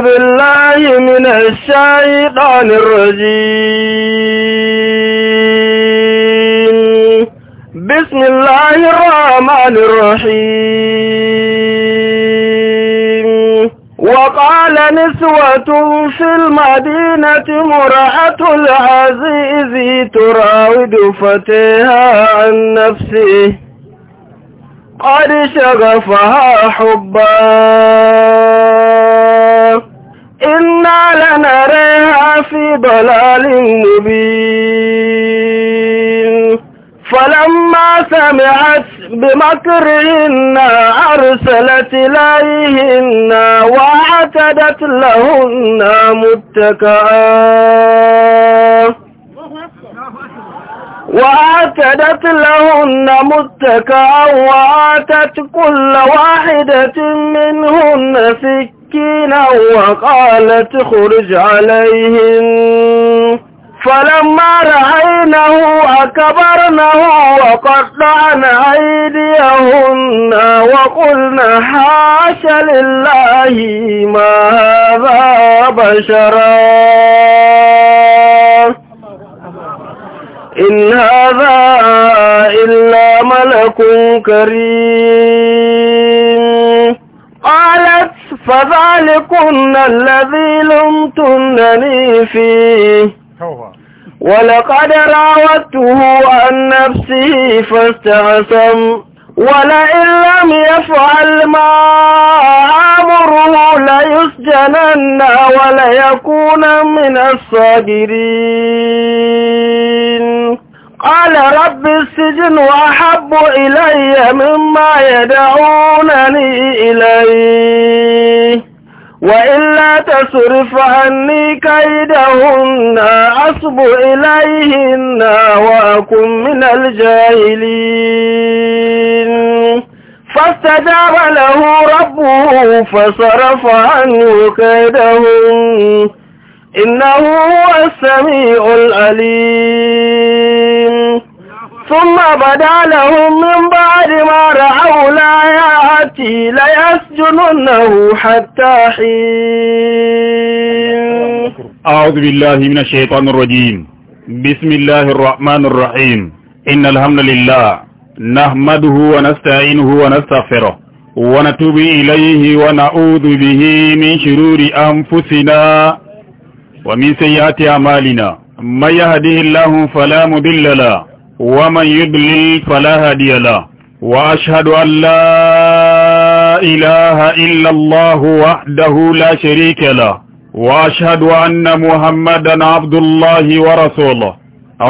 بالله من الشيطان الرجيم بسم الله الرحمن الرحيم وقال نسوة في المدينة مرأة العزيز تراود فتيها عن نفسه قد شغفها حبا إنا لنراها في ضلال مبين فلما سمعت بمكرهن أرسلت إليهن وأعتدت لهن متكئا وأعتدت لهن متكأ وآتت كل واحدة منهن سكة مسكينا وقالت اخرج عليهم فلما رأينه أكبرنه وقطعن أيديهن وقلن حاش لله ما هذا بشرا إن هذا إلا ملك كريم فذلكن الذي لمتنني فيه ولقد راودته عن نفسه فاستعصم ولئن لم يفعل ما أمره ليسجنن وليكون من الصابرين قال رب السجن وأحب إلي مما يدعونني إليه وإلا تصرف عني كيدهن أصب إليهن وأكن من الجاهلين فاستجاب له ربه فصرف عنه كيدهن إنه هو السميع العليم ثم بدا لهم من بعد ما رأوا يأتي ليسجننه حتى حين أعوذ بالله من الشيطان الرجيم بسم الله الرحمن الرحيم إن الحمد لله نحمده ونستعينه ونستغفره ونتوب إليه ونعوذ به من شرور أنفسنا ومن سيئات أعمالنا من يهده الله فلا مضل له ومن يضلل فلا هادي له وأشهد أن لا إله إلا الله وحده لا شريك له وأشهد أن محمدا عبد الله ورسوله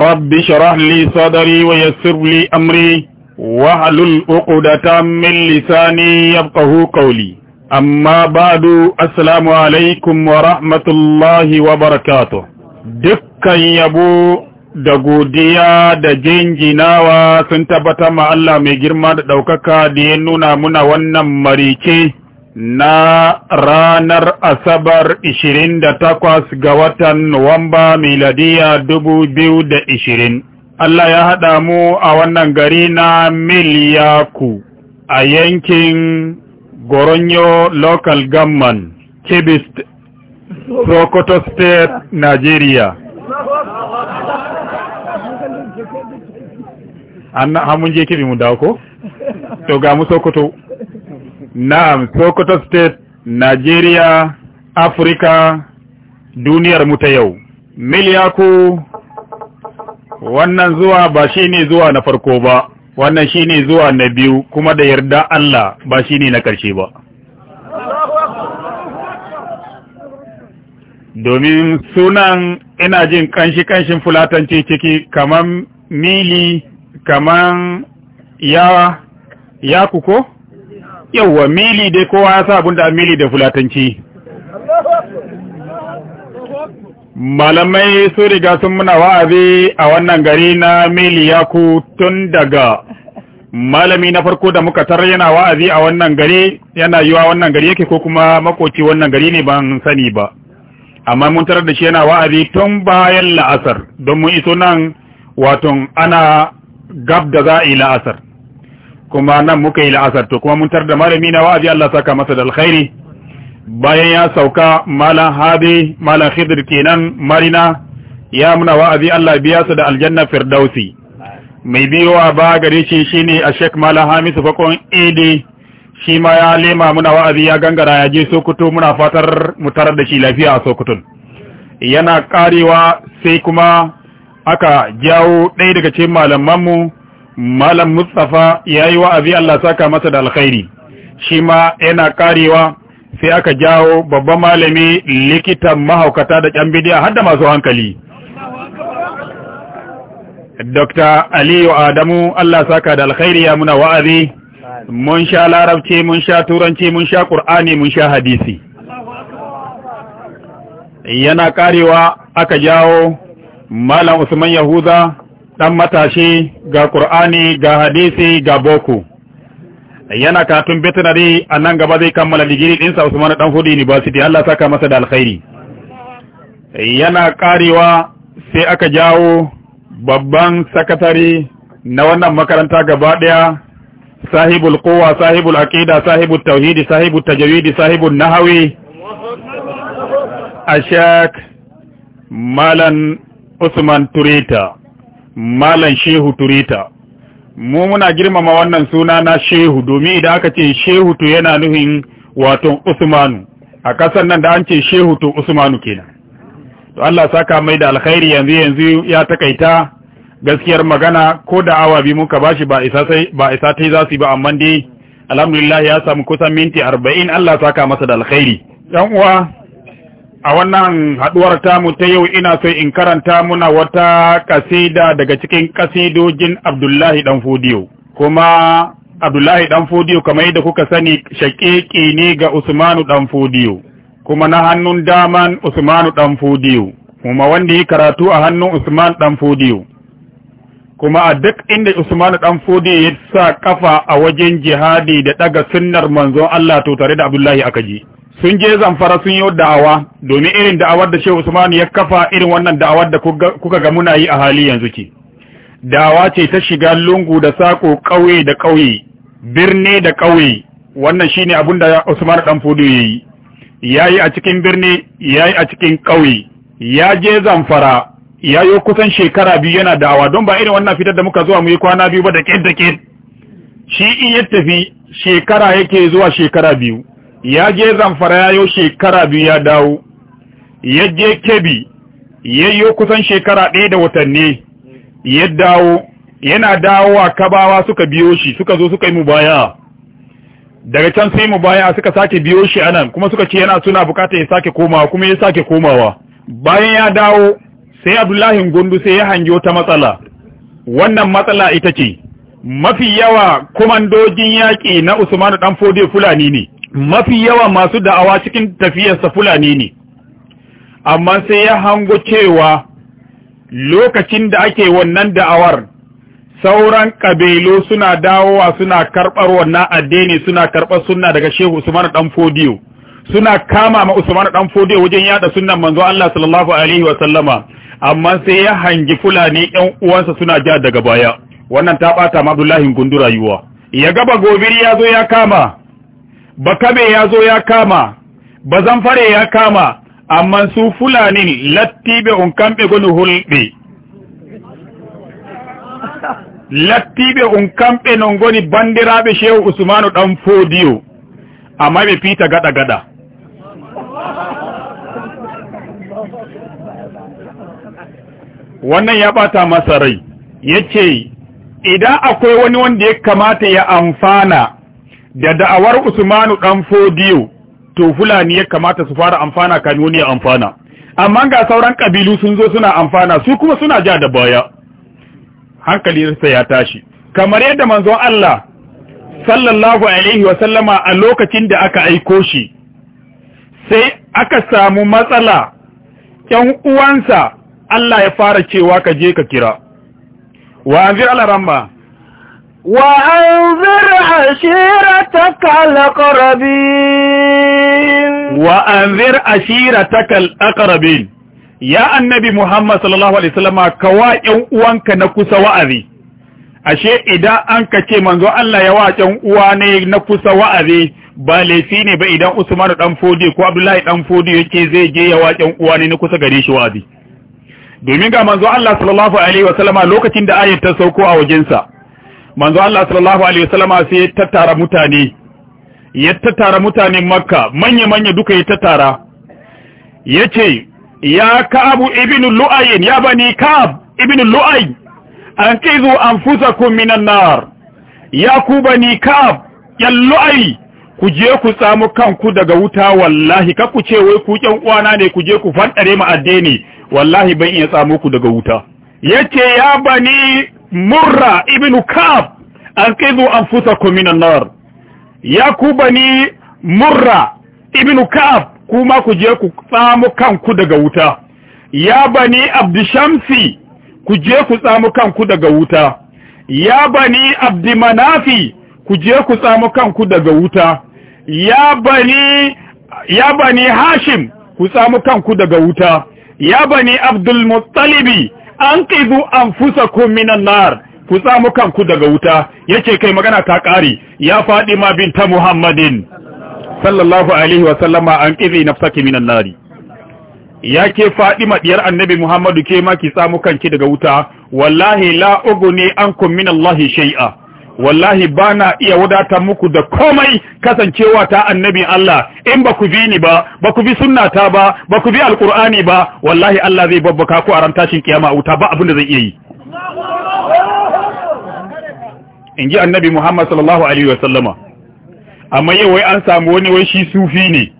رب اشرح لي صدري ويسر لي أمري واحلل عقدة من لساني يفقه قولي amma ba'du assalamu alaikum wa rahmatullahi wa barakatuh dukkan yabo da godiya da jinjinawa sun tabbata ma Allah mai girma da ɗaukaka da ya nuna muna wannan marike na ranar asabar 28 ga watan Nuwamba miladiya 2020 Allah ya haɗa mu a wannan gari na Miliyaku a yankin Goronyo Local Government, Kebbi Sokoto State, Nigeria. Anna hamun je kibi mu dawo To ga mu Sokoto. Na'am, Sokoto State, Nigeria, africa duniyar mu ta yau. Miliyaku wannan zuwa ba shine zuwa na farko ba. wannan shine zuwa na biyu kuma da yarda Allah ba shi ne na ƙarshe ba domin sunan ina jin kanshi-kanshin fulatanci ciki kaman mili kaman yawa ya kuko yauwa mili dai kowa ya sa abin da mili da fulatanci malamai su riga sun muna wa'azi a wannan gari na miliyaku tun daga malami na farko da muka tarar yana wa'azi a wannan gari yana yiwa wannan gari yake ko kuma makoci wannan gari ne ban sani ba amma mun tarar da shi yana wa'azi tun bayan la'asar don mun iso nan waton ana gab da za a yi la'asar kuma nan muka yi la'asar to kuma mun tarar da malami na wa'azi Allah saka masa da alkhairi bayan ya sauka malam habi malam khidir kenan marina ya muna wa'azi Allah biya su da aljanna firdausi mai a ba gare shi shine a shek malam hamisu fakon ede shi ma ya lema muna wa'azi ya gangara ya je sokoto muna fatar mu tarar da shi lafiya a sokoton yana karewa sai kuma aka jawo ɗaya daga cikin malamanmu malam mustafa ya yi wa'azi Allah saka masa da alkhairi shi ma yana karewa sai aka jawo babban malami likitan mahaukata da ƙyan bidiya har da masu hankali Dr. Aliyu Adamu Allah saka da alkhairi ya muna wa'azi mun sha larabci mun sha turanci mun sha ƙur'ani mun sha hadisi yana ƙarewa aka jawo Malam Usman Yahuza ɗan matashi ga ƙur'ani ga hadisi ga boko yana katun veterinary a nan gaba zai kammala digiri ɗinsa Usman Dan Hudu University Allah saka masa da alkhairi yana karewa sai aka jawo babban sakatari na wannan makaranta gaba ɗaya sahibul kowa sahibul aqida sahibul tauhidi sahibul tajwid sahibul nahawi ashak malan usman turita malan shehu turita mu muna girmama wannan suna na shehu domin idan aka ce shehu to yana nuhin wato usmanu a kasar nan da an ce shehu to usmanu kenan to Allah saka mai da alkhairi yanzu yanzu ya takaita gaskiyar magana ko da awa bi muka bashi ba isa sai ba isa tai za su ba amma dai alhamdulillah ya samu kusan minti 40 Allah saka masa da alkhairi dan uwa a wannan haduwar tamu ta yau ina so in karanta muna wata kasida daga cikin kasidojin Abdullahi dan Fodiyo kuma Abdullahi dan Fodiyo kamar yadda kuka sani shakeki ne ga Usmanu dan Fodiyo kuma na hannun daman Usmanu dan Fodiyo kuma wanda ya karatu a hannun Usman dan Fodiyo kuma a duk inda Usman dan Fodiyo ya sa kafa a wajen jihadi da ɗaga sunnar manzon Allah to tare da Abdullahi akaji sun je zamfara sun yi da'awa domin irin da'awar da Shehu Usman ya kafa irin wannan da'awar da kuka ga muna yi a hali yanzu ce da'awa ce ta shiga lungu da sako ƙauye da ƙauye birni da ƙauye wannan shine abin da Usman ɗan Fudu ya yi ya yi a cikin birni yi a cikin ƙauye ya je zamfara ya yayo kusan shekara biyu yana da'awa don ba irin wannan fitar da muka zuwa mu yi kwana biyu ba da ƙin da ƙin. shi in ya tafi shekara yake zuwa shekara biyu ya je zamfara ya yo shekara biyu ya dawo ya je kebi ya yi kusan shekara ɗaya da watanni ya dawo yana dawo a kabawa suka biyo shi suka zo suka yi mu baya daga can sai mu baya suka sake biyo shi a nan kuma suka ce yana suna bukata ya sake komawa kuma ya sake komawa bayan ya dawo sai abdullahi gundu sai ya hangi wata matsala wannan matsala ita ce mafi yawa kumandojin yaƙi na Usmanu dan Fodiyo Fulani ne mafi yawa masu da'awa cikin tafiyarsa Fulani ne amma sai ya hango cewa lokacin da ake wannan da'awar sauran kabilu suna dawowa suna karɓar wannan addini suna karɓar sunna daga Shehu Usmanu dan Fodiyo suna kama ma Usmanu dan Fodiyo wajen yada sunnan manzo Allah sallallahu alaihi wa sallama amma sai ya hangi Fulani ƴan uwansa suna ja daga baya wannan ta bata ma Abdullahi gundu rayuwa ya gaba gobir ya zo ya kama ba kame ya zo ya kama ba bazanfare ya kama amma su fulanin lattibe un kambe gonu hulbe lattibe un kambe non goni bandirabe shehu usmanu dan fodiyo amma be fita gada gada wannan ya bata masa rai yace idan akwai wani wanda ya kamata ya amfana da da'awar Usmanu dan Fodiyo to fulani ya kamata su fara amfana kan wani ya amfana amma ga sauran kabilu sun zo suna amfana su kuma suna ja da baya sai ya tashi kamar yadda manzon Allah sallallahu alaihi wa sallama a lokacin da aka aiko shi sai aka samu matsala ƴan uwansa Allah ya fara cewa ka je ka kira وأنذر على رمى وأنذر عشيرتك الأقربين وأنذر عشيرتك الأقربين يا النبي محمد صلى الله عليه وسلم كوا يوانك نكوس وأذي ashe idan an ka ce manzo Allah ya wacan uwa ne na kusa wa'azi ba laifi ne ba idan usman dan Fodi ko Abdullahi dan Fodi yake zai je ya wacan uwa ne na kusa gare shi wa'azi domin ga manzo Allah sallallahu alaihi wasallama lokacin da ayin ta sauko a wajensa manzo Allah sallallahu alaihi wasallama sai ya tattara mutane ya tattara mutane Makka manya manya duka ya tattara yace ya kaabu ibn Lu'ay ya bani Ka'ab ibn Lu'ay anqizu anfusakum minan nar ya ku bani Ka'ab ya Lu'ay ku je ku samu kanku daga wuta wallahi ka ku ce wai ku ƙyan uwana ne ku je ku fadare mu addini wallahi ban iya samu ku daga wuta yace ya bani murra ibn kab anqidhu anfusakum minan nar ya ku bani murra ibn kab kuma ku je ku samu kanku daga wuta ya bani Shamsi, ku je ku samu kanku daga wuta ya bani abdimanafi ku je ku samu kanku daga wuta ya bani ya bani hashim ku samu kanku daga wuta ya bani abdul muttalibi an anfusakum minan nar ku samu kanku daga wuta yace kai magana ta kare ya bin ta muhammadin sallallahu alaihi wa sallama na nafsaki minan nari ya ke Fadima diyar annabi Muhammadu ke ma ki samu kanki daga wuta wallahi la uguni ankum min Allah shai'a? wallahi ba na iya wadatar muku da komai kasancewa ta annabi Allah in ba ku bi ni ba ba ku bi sunnata ba ba ku bi alkur'ani ba wallahi Allah zai babbaka ku a ran tashin kiyama wuta ba abin da zai iya yi in ji annabi Muhammad sallallahu alaihi wasallama amma yau wai an samu wani wai shi sufi ne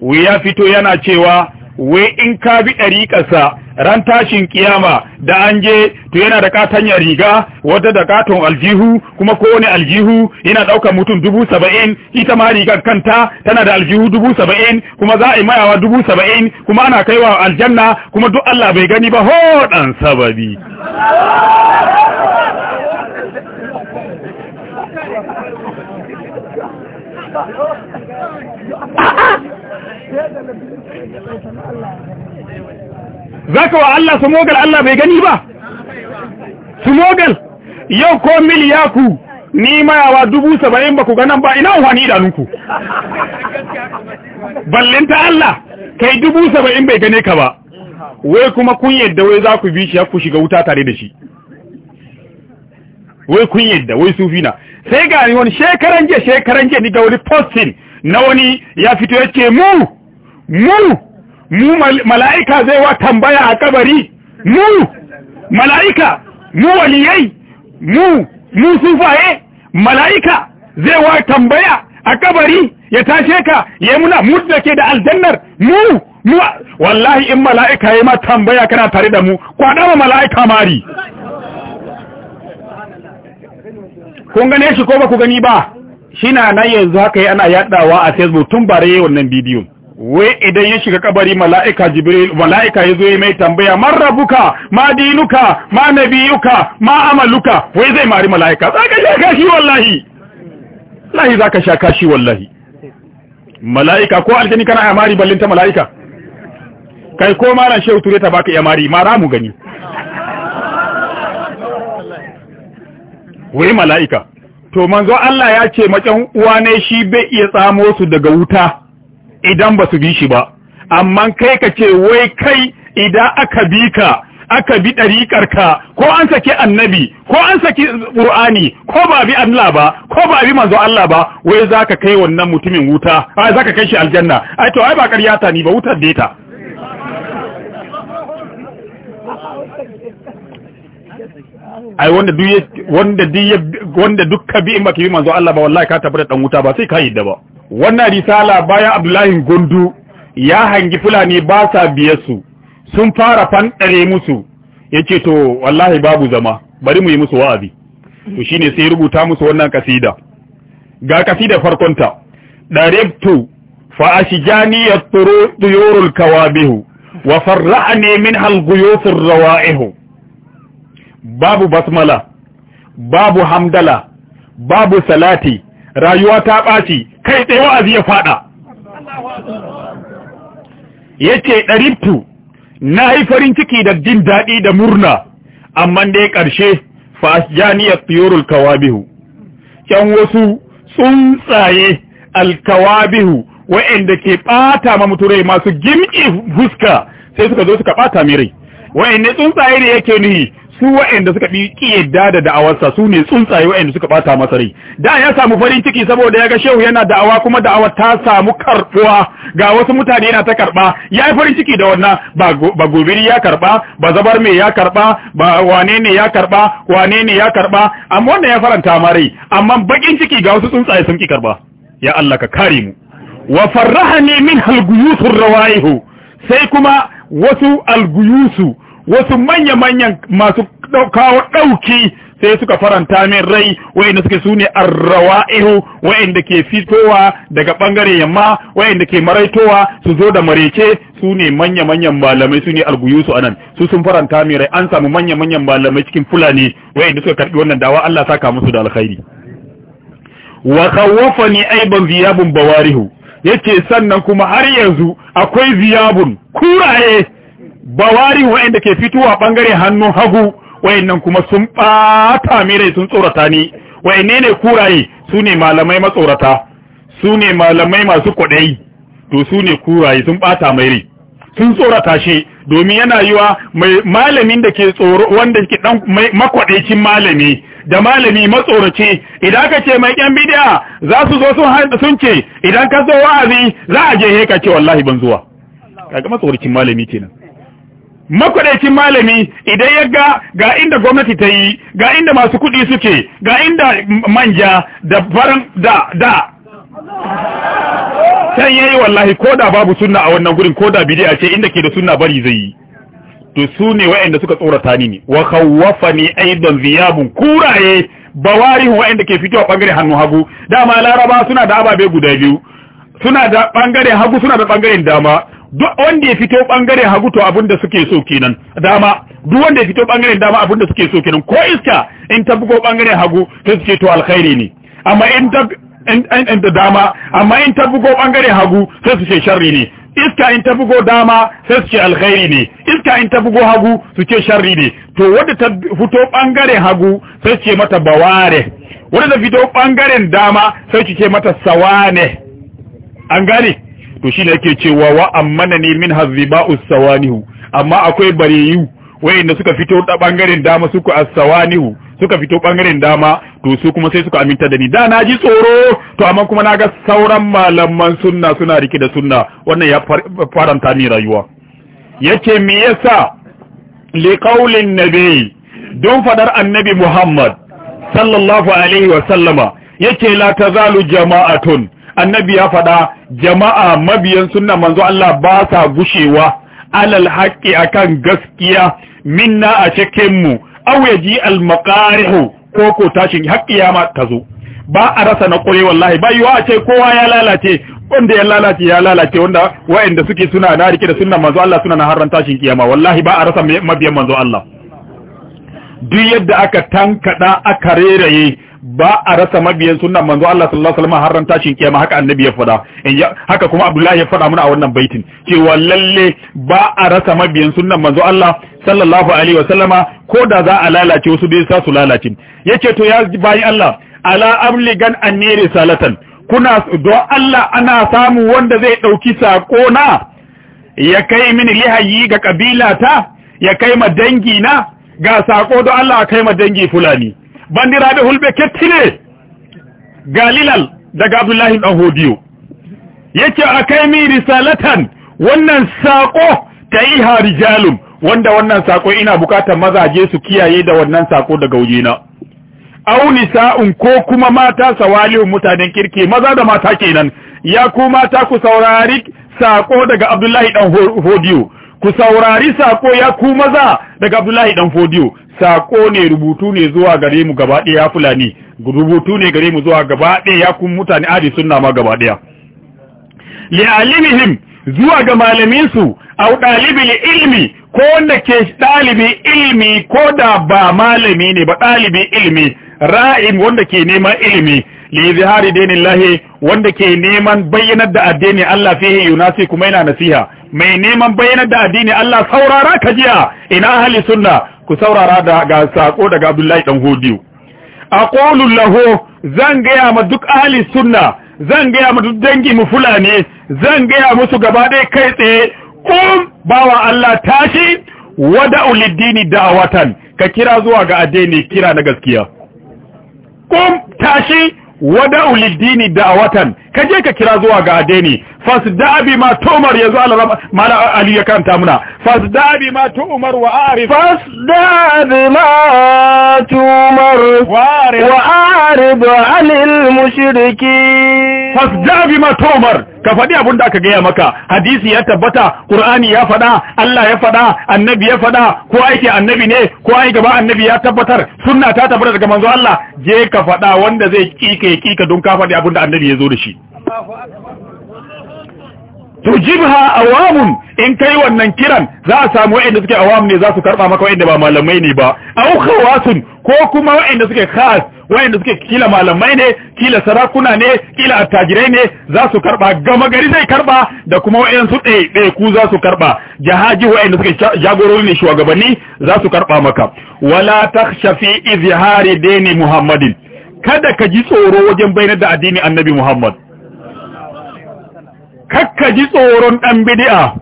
wai ya fito yana cewa we in ka bi ɗariƙarsa ran tashin kiyama da an je to yana da katanya riga wadda da katon aljihu kuma kowane aljihu yana ɗaukar mutum dubu saba'in ita ma rigar kanta tana da aljihu dubu saba'in kuma za a yi mayawa dubu saba'in kuma ana kaiwa aljanna kuma duk Allah bai gani ba ho sababi za ka wa Allah su mogal Allah bai gani ba su mogal yau ko miliyaku ni mayawa dubu saba'in ba ku ganan ba ina wani idanunku ballinta Allah kai dubu saba'in bai gane ka ba wai kuma kun yadda wai za ku bi shi ku shiga wuta tare da shi wai kun yadda wai sufi na sai ga wani shekaran shekaranje shekaran ni ga wani postin na wani ya fito ya ce mu mu mu mala'ika zai wa tambaya a kabari mu mala'ika mu waliyai mu mu sufaye mala'ika zai wa tambaya a kabari ya tashe ka ya muna da ke da aljannar mu wallahi in mala'ika ya ma tambaya kana tare da mu kwaɗa ma mala'ika mari kun gane shi ko ba ku gani ba shi na nan yanzu haka yi ana yaɗawa a facebook tun bare wannan bidiyo. wai idan ya shiga kabari mala'ika jibril mala'ika yazo zo mai tambaya man rabuka ma dinuka ma nabiyuka ma amaluka wai zai mari mala'ika za ka sha kashi wallahi lahi za ka sha kashi wallahi mala'ika ko aljani kana ya mari ballinta mala'ika kai ko maran shehu ture ta baka ya mari mara mu gani wai mala'ika to manzo Allah ya ce macen uwa ne shi bai iya tsamo su daga wuta idan ba su bi shi ba amma kai ka ce wai kai idan aka bi ka aka bi ɗariƙar ka ko an saki annabi ko an saki ƙur'ani ko ba bi Allah ba ko ba bi manzo Allah ba wai za ka kai wannan mutumin wuta ai ka kai shi aljanna ai to ai ba ƙarya ta ni ba wutar data ai wanda duk wanda duk wanda duk ka bi in baka bi manzo Allah ba wallahi ka tabbata dan wuta ba sai ka yi da ba wannan risala bayan Abdullahi Gondu ya hangi fulani ba sa biye su sun fara fanɗare musu yace to wallahi babu zama bari mu yi musu wa'azi to shine sai rubuta musu wannan kasida ga kasida farkonta daribtu fa ashjani yaturu tuyurul kawabihu wa farra'ani minha al ghuyuf ar-rawa'ihu babu basmala babu hamdala babu salati rayuwa ta ɓaci kai tsaye wa'azi ya faɗa yace ɗariftu na yi farin ciki da jin daɗi da murna amma dai ƙarshe fasjaniyar tsiyurul kawabihu can wasu tsuntsaye alkawabihu wa'inda ke ɓata ma muturai masu gimki fuska sai suka zo suka ɓata mirai, wa'inda tsuntsaye ne yake ni su waɗanda suka bi kiyarda da da'awarsa su ne tsuntsaye waɗanda suka bata masa rai da ya samu farin ciki saboda ya ga shehu yana da'awa kuma da'awa ta samu karbuwa ga wasu mutane yana ta karba ya yi farin ciki da wannan ba gobiri ya karba ba zabar mai ya karba ba wane ne ya karba wane ne ya karba amma wannan ya faranta ma rai amma bakin ciki ga wasu tsuntsaye sun ki karba ya Allah ka kare mu wa ne min halguyusur rawaihu sai kuma wasu alguyusu wasu manya-manyan masu kawo ɗauki sai suka faranta min rai wa'inda suke sune arrawa'ihu wa'inda ke fitowa daga bangare yamma wa'inda ke maraitowa su zo da marece su ne manya-manyan malamai su ne alguyusu anan su sun faranta min rai an samu manya-manyan malamai cikin fulani wa'inda suka karbi wannan dawa Allah saka musu da alkhairi wa khawafani aiban ziyabun bawarihu yace sannan kuma har yanzu akwai ziyabun kuraye bawari wa'anda ke fitowa bangare hannun hagu wa'annan kuma sun bata mi sun tsorata ni wa'anne ne kuraye su ne malamai matsorata su ne malamai masu kwaɗayi to su ne kuraye sun bata mai sun tsorata shi domin yana yiwa mai malamin da ke tsoro wanda ke dan makwaɗaicin malami da malami matsorace idan ka ce mai yan bidiya za su zo sun sun ce idan ka zo wa'azi za a je ka ce wallahi ban zuwa kaga matsoracin malami kenan Makwadaicin malami idan ya ga ga inda gwamnati ta yi ga inda masu kuɗi suke ga inda manja da faran da da can yayi wallahi ko da babu sunna a wannan gurin ko da bidiya ce inda ke da sunna bari zai yi to su ne waɗanda suka tsorata ni ne wa khawwafani aidan ziyabun kuraye bawarihu waɗanda ke fitowa bangare hannu hagu dama laraba suna da ababe guda biyu suna da bangare hagu suna da bangaren dama duk wanda ya fito bangaren hagu to abinda suke so kenan dama duk wanda ya fito bangaren dama abinda suke so kenan ko iska in ta bugo bangaren hagu to suke to alkhairi ne amma in ta in da dama amma in ta bugo bangaren hagu sai su ce sharri ne iska in ta bugo dama sai su ce alkhairi ne iska in ta bugo hagu su ce sharri ne to wanda ta fito bangaren hagu sai su ce mata baware wanda ta fito bangaren dama sai su ce mata sawane an gane to shi ne yake cewa wa ammana ni min haziba'u usawanihu amma akwai bareyu wayanda suka fito da bangaren dama suka asawanihu suka fito bangaren dama to su kuma sai suka aminta da ni da na ji tsoro to amma kuma na ga sauran malaman sunna suna rike da sunna wannan ya faranta ni rayuwa yace me yasa li qaulin nabi don fadar annabi Muhammad sallallahu alaihi wa sallama yace la tazalu jama'atun annabi ya faɗa jama'a mabiyan sunna manzo Allah ba sa gushewa alal haqqi akan gaskiya minna a cikin mu aw yaji al maqarihu ko ko tashin haqqi ya ma tazo ba a rasa na kure wallahi ba yiwa a ce kowa ya lalace wanda ya lalace ya lalace wanda wa'anda suke suna na rike da sunnan manzo Allah suna na harran tashin kiyama wallahi ba a rasa mabiyan manzo Allah duk yadda aka tankada aka reraye ba a rasa mabiyan sunnan manzo Allah sallallahu alaihi wasallam harran tashin kiyama haka annabi ya faɗa haka kuma Abdullahi ya faɗa mana a wannan baitin cewa lalle ba a rasa mabiyan sunnan manzo Allah sallallahu alaihi wasallama ko da za a lalace wasu dai sa su lalace yace to ya bayi Allah ala amligan anni risalatan kuna don Allah ana samu wanda zai dauki sako na ya kai mini lihayi ga kabila ta ya kai ma dangi na ga sako don Allah a kai ma dangi fulani bandira da hulbe kettine ga lilal daga abdullahi dan hodiyo yake a kai mi risalatan wannan saƙo ta yi harijalum wanda wannan sako ina bukatar mazaje su kiyaye da wannan sako daga na Auni sa'un ko kuma mata sawalihun mutanen kirki maza da mata kenan ya ku mata ku saurari sako daga abdullahi dan hodiyo ku saurari sako ya ku maza daga Abdullahi dan Fodiyo sako ne rubutu ne zuwa gare mu gaba ɗaya fulani rubutu ne gare mu zuwa gaba ɗaya ya kun mutane adi sunna ma gaba ɗaya alimihim zuwa ga malamin su au ɗalibin ilmi ko wanda ke ɗalibin ilmi ko da ba malami ne ba ɗalibin ilmi ra'im wanda ke neman ilmi li zihari dinillahi wanda ke neman bayyanar da addinin Allah fihi yunasi kuma yana nasiha mai neman bayanar da addini Allah saurara ka jiya ina ahli sunna ku saurara da ga sako daga Abdullahi dan Hodiyo aqulu lahu zan gaya ma duk ahli sunna zan gaya ma duk dangi mu fulani zan gaya musu gaba dai kai tsaye kum bawa Allah tashi wada ulidini watan, ka kira zuwa ga addini kira na gaskiya kum tashi wada'u lid-dini da'watan kaje ka kira zuwa ga addini fasda'a bima tumar yanzu Allah mala ali ya kanta muna fasda'a bima tumar wa arif fasda'a bima tumar wa arif wa arif 'anil mushrikeen Fasjabi matomar ka faɗi abin da aka gaya maka hadisi ya tabbata qur'ani ya faɗa Allah ya faɗa annabi ya faɗa ko aiki annabi ne ko ai gaba annabi ya tabbatar sunna ta tabbata daga manzo Allah je ka faɗa wanda zai kika kika don ka faɗi abin da annabi ya zo da shi tujibha awamun in kai wannan kiran za a samu wa'anda suke awam ne za su karba maka wanda ba malamai ne ba aw khawasun ko kuma wa'anda suke khas wayanda suke kila malamai ne kila sarakuna ne kila attajirai ne za su karba gama gari zai karba da kuma wayansu ɗaiɗai ku za su karba jahaji wayanda suke jagorori ne shugabanni za su karba maka wala takshafi fi izhari dini muhammadin kada ka ji tsoro wajen bayyana da addini annabi muhammad kakka ji tsoron dan bid'a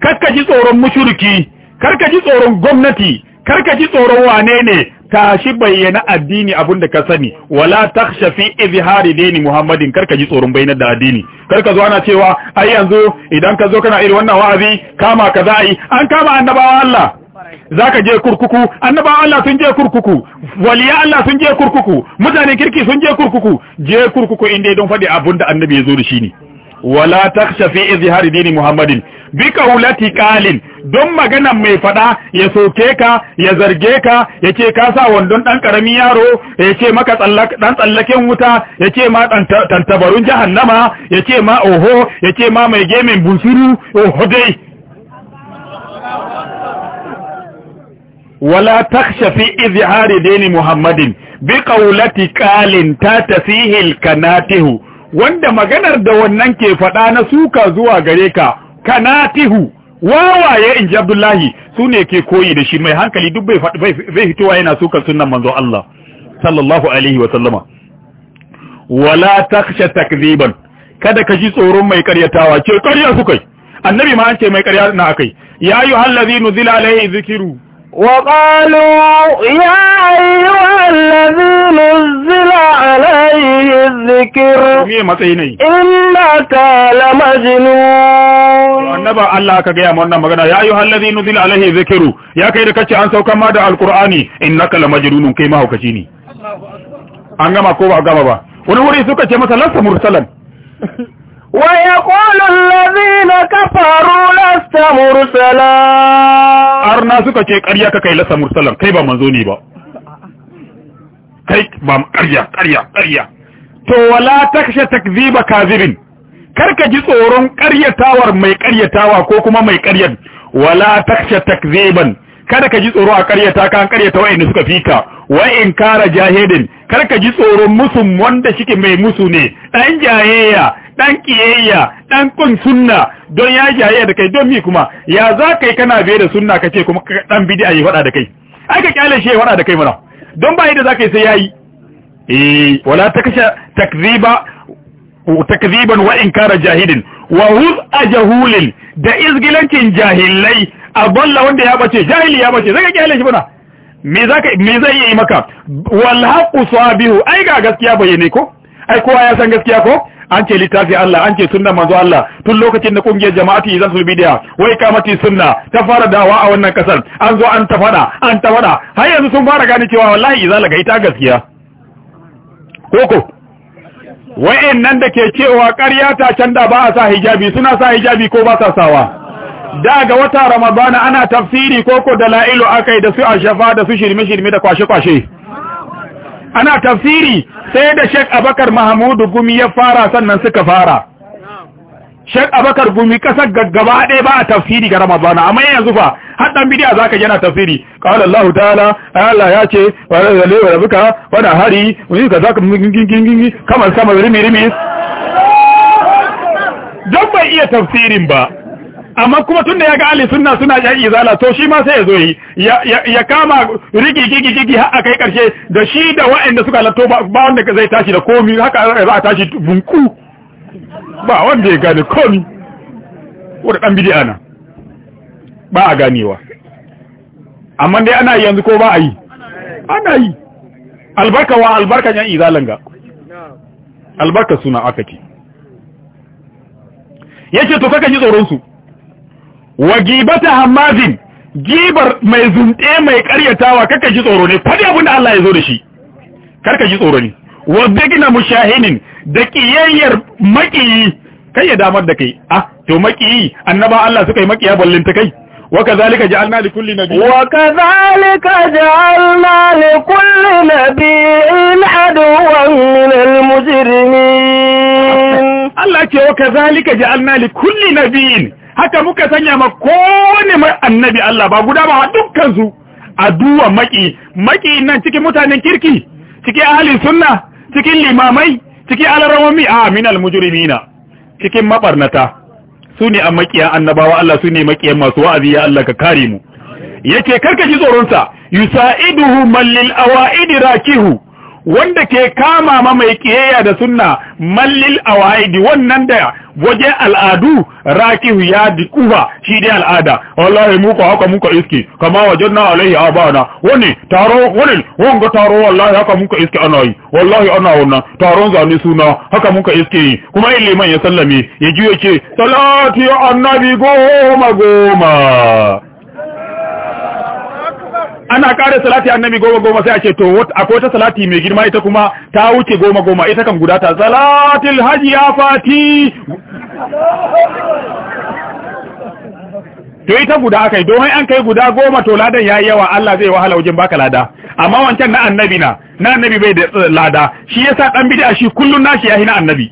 kakka ji tsoron mushriki karka ji tsoron gwamnati karka ji tsoron wane ne tashi bayyana addini abin da ka sani wala takhsha fi izhari dini muhammadin karka ji tsoron bayyana da addini karka zo ana cewa ai yanzu idan ka zo kana irin wannan wa'azi kama kaza ai an kama annabawa Allah zaka je kurkuku annabawa Allah sun je kurkuku waliya Allah sun je kurkuku mutane kirki sun je kurkuku je kurkuku inda don faɗi abun da annabi ya zo da shi ne wala taksha fi izhari dini muhammadin bi kaulati qalin don maganan mai fada ya soke ka ya zarge ka yace ka sa wandon dan karami yaro yace maka tsallak dan tsallaken wuta yace ma dan tantabarun jahannama yace ma oho yace ma mai gemin bunsuru oho dai wala taksha fi izhari dini muhammadin bi kaulati qalin ta tasihil kanatihu wanda maganar da wannan ke faɗa na suka zuwa gare ka kanatihu wawaye in ji abdullahi su ne ke koyi da shi mai hankali duk bai fitowa yana suka sunan manzo Allah sallallahu alaihi wa sallama wala takhsha takziban kada ka ji tsoron mai karyatawa ke karya su kai annabi ma an ce mai karya na kai. ya yi ladhina nuzila alaihi zikiru وقالوا يا أيها الذي نزل عليه الذكر إنك لمجنون Allah aka gaya ma wannan magana ya ya kai da kacce an sauka ma da alqur'ani innaka lamajnunun kai mahaukaci ne an gama ko ba gama ba wani wuri suka ce masa lasta mursalan ويقول الذين كفروا لست مرسلا arna suka ce ƙarya ka kai lasa mursalan kai ba manzo ne ba kai ba ƙarya ƙarya ƙarya to wala taksha takziba kazibin karka ji tsoron ƙaryatawar mai ƙaryatawa ko kuma mai ƙaryar wala taksha takziban kada ka ji tsoro a ƙaryata kan ƙaryata wa'in suka fika wa'in kara jahidin kar ka ji tsoron musun wanda shike mai musu ne ɗan jayayya dan kiyayya dan kun sunna don ya jaye da kai don mi kuma ya za kai kana biye da sunna kace kuma dan bid'a ya fada da kai ai ka kyale shi ya fada da kai mana don ba yadda zaka yi sai yayi eh wala takasha takziba takziban wa inkara jahidin wa huz ajahulin da izgilancin jahilai aballa wanda ya bace jahili ya bace zaka kyale shi mana me zaka me zai yi maka wal haqu sabihu ai ga gaskiya bayane ko ai kowa ya san gaskiya ko an ce littafi Allah an ce sunnan manzo Allah tun lokacin da kungiyar jama'ati zan sul bidiya wai kamati sunna ta fara dawa a wannan kasar an zo an ta an ta har yanzu sun fara gane cewa wallahi izala ga ita gaskiya koko nan da ke cewa ƙarya ta can da ba a sa hijabi suna sa hijabi ko ba sa sawa ga wata ramadana ana tafsiri koko da la'ilu akai da su a shafa da su shirme shirme da kwashe kwashe ana tafsiri sai da shek Abakar Mahamudu Gumi ya fara sannan suka fara Shek Abakar Gumi kasar gaggaba ɗaya ba a tafsiri ga Ramadan amma yanzu fa har dan bidiya zaka yana tafsiri qala Allah ta'ala Allah ya ce wa la rabbuka wa la hari wani ka zaka kamar kamar rimi rimi don bai iya tafsirin ba amma kuma tunda ya ga ali sunna suna yan izala to shi ma sai ya zo yi ya kama rigi gigi gigi har akai karshe da shi da wa'anda suka lato ba wanda zai tashi da komi haka za a tashi bunku ba wanda ya gane komi wanda dan bid'a na ba a ganewa amma dai ana yanzu ko ba a yi ana yi albarka wa albarkan yan izalan ga albarka suna aka ce yace to kaka ji tsoron su wa gibata hammazin gibar mai zunɗe mai ƙaryatawa kaka ji tsoro ne faɗi abin da Allah ya zo da shi karka ji tsoro ne wa dagina mushahinin da kiyayyar maƙiyi kai ya damar da kai ah to maƙiyi annaba Allah suka yi maƙiya ballin ta kai wa wa kulli kazalika ja'alna li kulli nabiyyin جعلنا min al mujrimin Allah ce wa kazalika ja'alna li kulli nabiyyin haka muka sanya ma kowane mai annabi Allah ba guda ba dukkan su duwa maki maki nan cikin mutanen kirki cikin ahli sunna cikin limamai cikin alrawami a ah, minal mujrimina cikin mabarnata su ne a makiya annabawa Allah su ne makiyan masu wa'azi ya Allah ka kare mu yace karka ji tsoron sa yusaiduhu mallil awa awaidi rakihu wanda ke kama ma mai kiyayya da sunna mallil awaidi wannan da waje al'adu rakihu ya dikuba shi dai al'ada wallahi mu ko haka muka iske kama wajanna alaihi abana wani taro wani wanga taro wallahi haka muka iske ana yi wallahi ana wanna taron zane suna haka muka iske yi kuma liman ya sallame ya ji ya ce annabi goma goma ana kare salati annabi goma goma sai a ce to akwai wata salati mai girma ita kuma ta wuce goma goma ita kan gudata salatul salatil haji ya fati to ita guda kai don an kai guda goma to ladan yayi yawa Allah zai wahala wajen baka lada amma wancan na annabi na na annabi bai da lada shi yasa dan bid'a shi kullun nashi yahi na annabi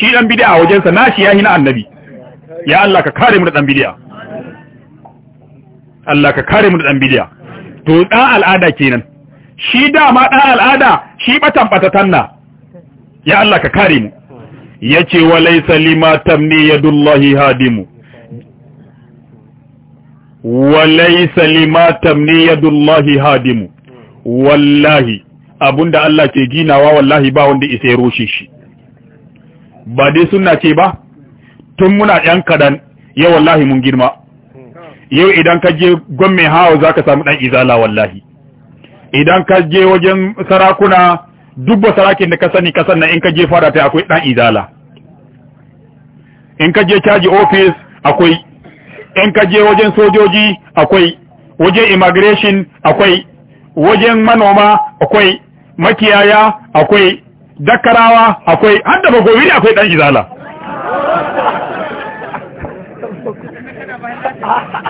shi dan bid'a sa nashi yahi na annabi ya Allah ka kare mu da dan bid'a Allah ka kare mu da dan bidiya to ɗan al'ada kenan shi dama ɗan al'ada shi batan batatan na ya Allah ka kare mu yace wa laysa lima tamni yadullahi hadimu wa laysa lima tamni yadullahi hadimu wallahi abunda Allah ke ginawa wallahi ba wanda isa ya roshe shi ba dai suna ce ba tun muna ɗan kadan ya wallahi mun girma yau idan ka je gwamme hawa za ka samu ɗan izala wallahi idan ka je wajen sarakuna dubba sarakin da ka sani kasan nan in ka je fara ta akwai ɗan izala in ka je caji ofis akwai in ka je wajen sojoji akwai wajen immigration akwai wajen manoma akwai makiyaya akwai dakarawa akwai har da akwai ɗan izala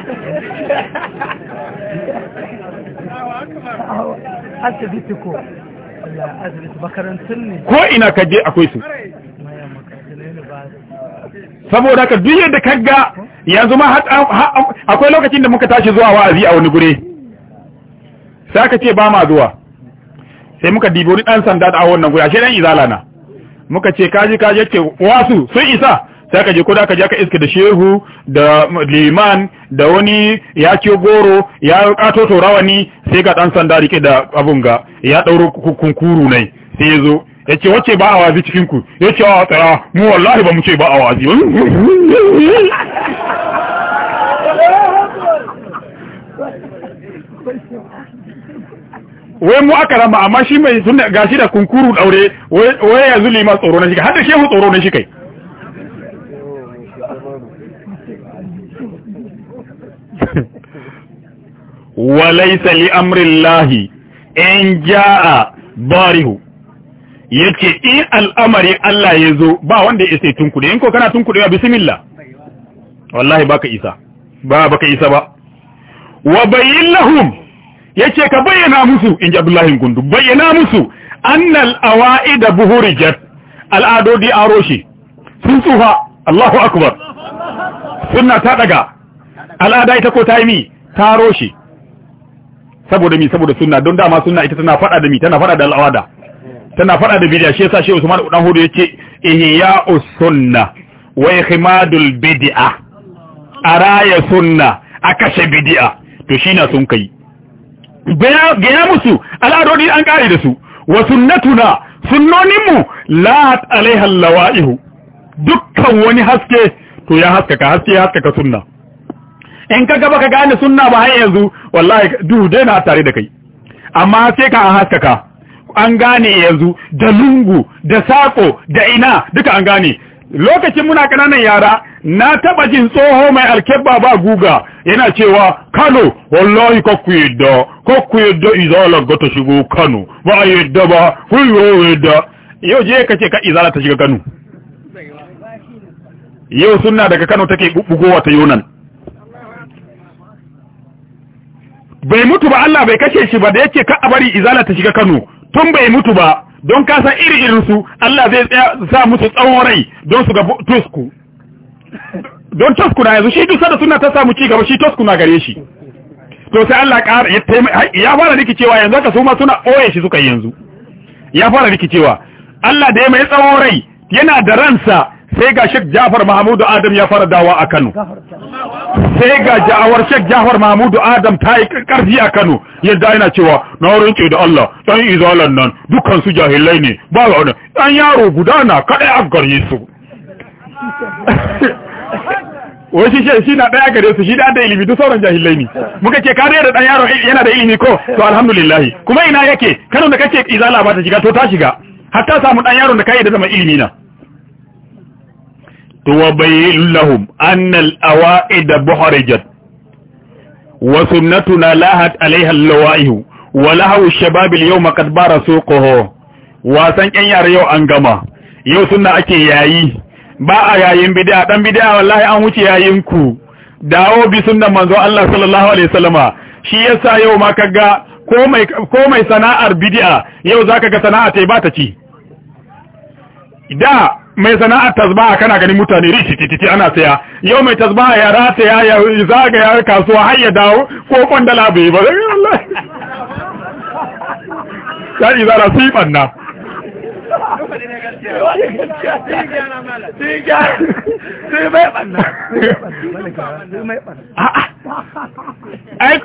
asibiti ko asibiti ne ko ina ka je akwai su saboda ka duk yadda ka ga yanzu ma akwai lokacin da muka tashi zuwa wa'azi a wani gure sai aka ce ba ma zuwa sai muka dibi wani dan sanda da a wannan gure ashe dan izala na muka ce kaji kaji yake wasu sun isa sai ka je ko da ka je ka iska da shehu da liman da wani ya ciyo goro ya kato ni sai ga dan sanda rike da abun ga ya dauro kunkuru ne sai ya zo ya ce wacce ba a wazi cikin ku ya ce a tsara mu wallahi ba mu ce ba a wazi wai mu aka rama amma shi mai sunna gashi da kunkuru daure wai yanzu ma tsoro na shi kai har da shehu tsoro na shi kai wa laysa li amrillahi in jaa barihu yace in al'amari Allah ya zo ba wanda ya isa tunkude in ko kana tunkude bismillah wallahi baka isa ba baka isa ba wa bayyin lahum yace ka bayyana musu in ji Abdullahi Gundu bayyana musu annal awaid buhurijat al'adodi aroshi sun tsufa Allahu akbar sunna ta daga al'ada ita ko ta yi mi ta roshi saboda mi saboda sunna don dama sunna ita tana fada da mi tana fada da al'ada, tana fada da bid'a shi yasa Sheikh Usman dan Hudu yace ihya'us sunna wa ihmadul bid'a araya sunna akashe bid'a to shi na sun kai gaya musu al'adodi an kare da su wa sunnatuna mu la alaiha lawa'ihu dukkan wani haske to ya haskaka haske ya haskaka sunna in ka gaba ka gane sunna ba har yanzu wallahi duhu dai na tare da kai amma sai ka an haskaka an gane yanzu da lungu da sako da ina duka an gane lokacin muna kananan yara na taba jin tsoho mai alkebba ba guga yana cewa kano wallahi kakku yadda ku yadda izala ga ta shigo kano ba a yadda ba kuyo yadda yau je ka ce ka izala ta shiga kano yau sunna daga kano take bugowa ta yonan bai mutu ba Allah bai kashe shi ba da yake ka a bari izala ta shiga Kano tun bai mutu ba don ka san iri irin su Allah zai sa musu tsawon rai don su ga tosku. don tosku na yanzu shi duk sada suna ta samu ci gaba shi tosku na gare shi to sai Allah ƙara ya taimaka ya fara rikicewa yanzu ka su ma suna oye shi suka yanzu ya fara rikicewa Allah da ya mai tsawon rai yana da ransa sai ga Sheikh Jafar Mahmudu Adam ya fara dawa a Kano sai ga ja'awar Sheikh Jafar Mahmudu Adam ta yi karfi a Kano yadda yana cewa na ce da Allah dan izalan nan dukkan su jahilai ne ba wani dan yaro guda na kada a gare su wai shi shi na daya gare su shi da da ilimi duk sauran jahilai ne muka ce kare da dan yaro yana da ilimi ko to alhamdulillah kuma ina yake Kano da kake izala ba ta shiga to ta shiga hatta samu dan yaro da kai da zama ilimi na وبين لهم أن الأوائد بحرجت وسنتنا لاهت عليها اللوائه ولهو الشباب اليوم قد بار سوقه wasan ƴan yara yau an gama yau suna ake yayi ba'a a yayin bid'a dan bid'a an wuce yayin ku dawo bi sunnan manzo Allah sallallahu alaihi wasallama shi yasa yau ma kaga ko mai sana'ar bidi'a yau zaka ga sana'a tai ba ta ci da mai sana'ar tasba'a kana gani mutane rikititi ana saya yau mai tasba'a ya rataya ya ya zaga ya kasuwa har ya dawo ko kwandala bai ba sai Allah sai yi zara su banna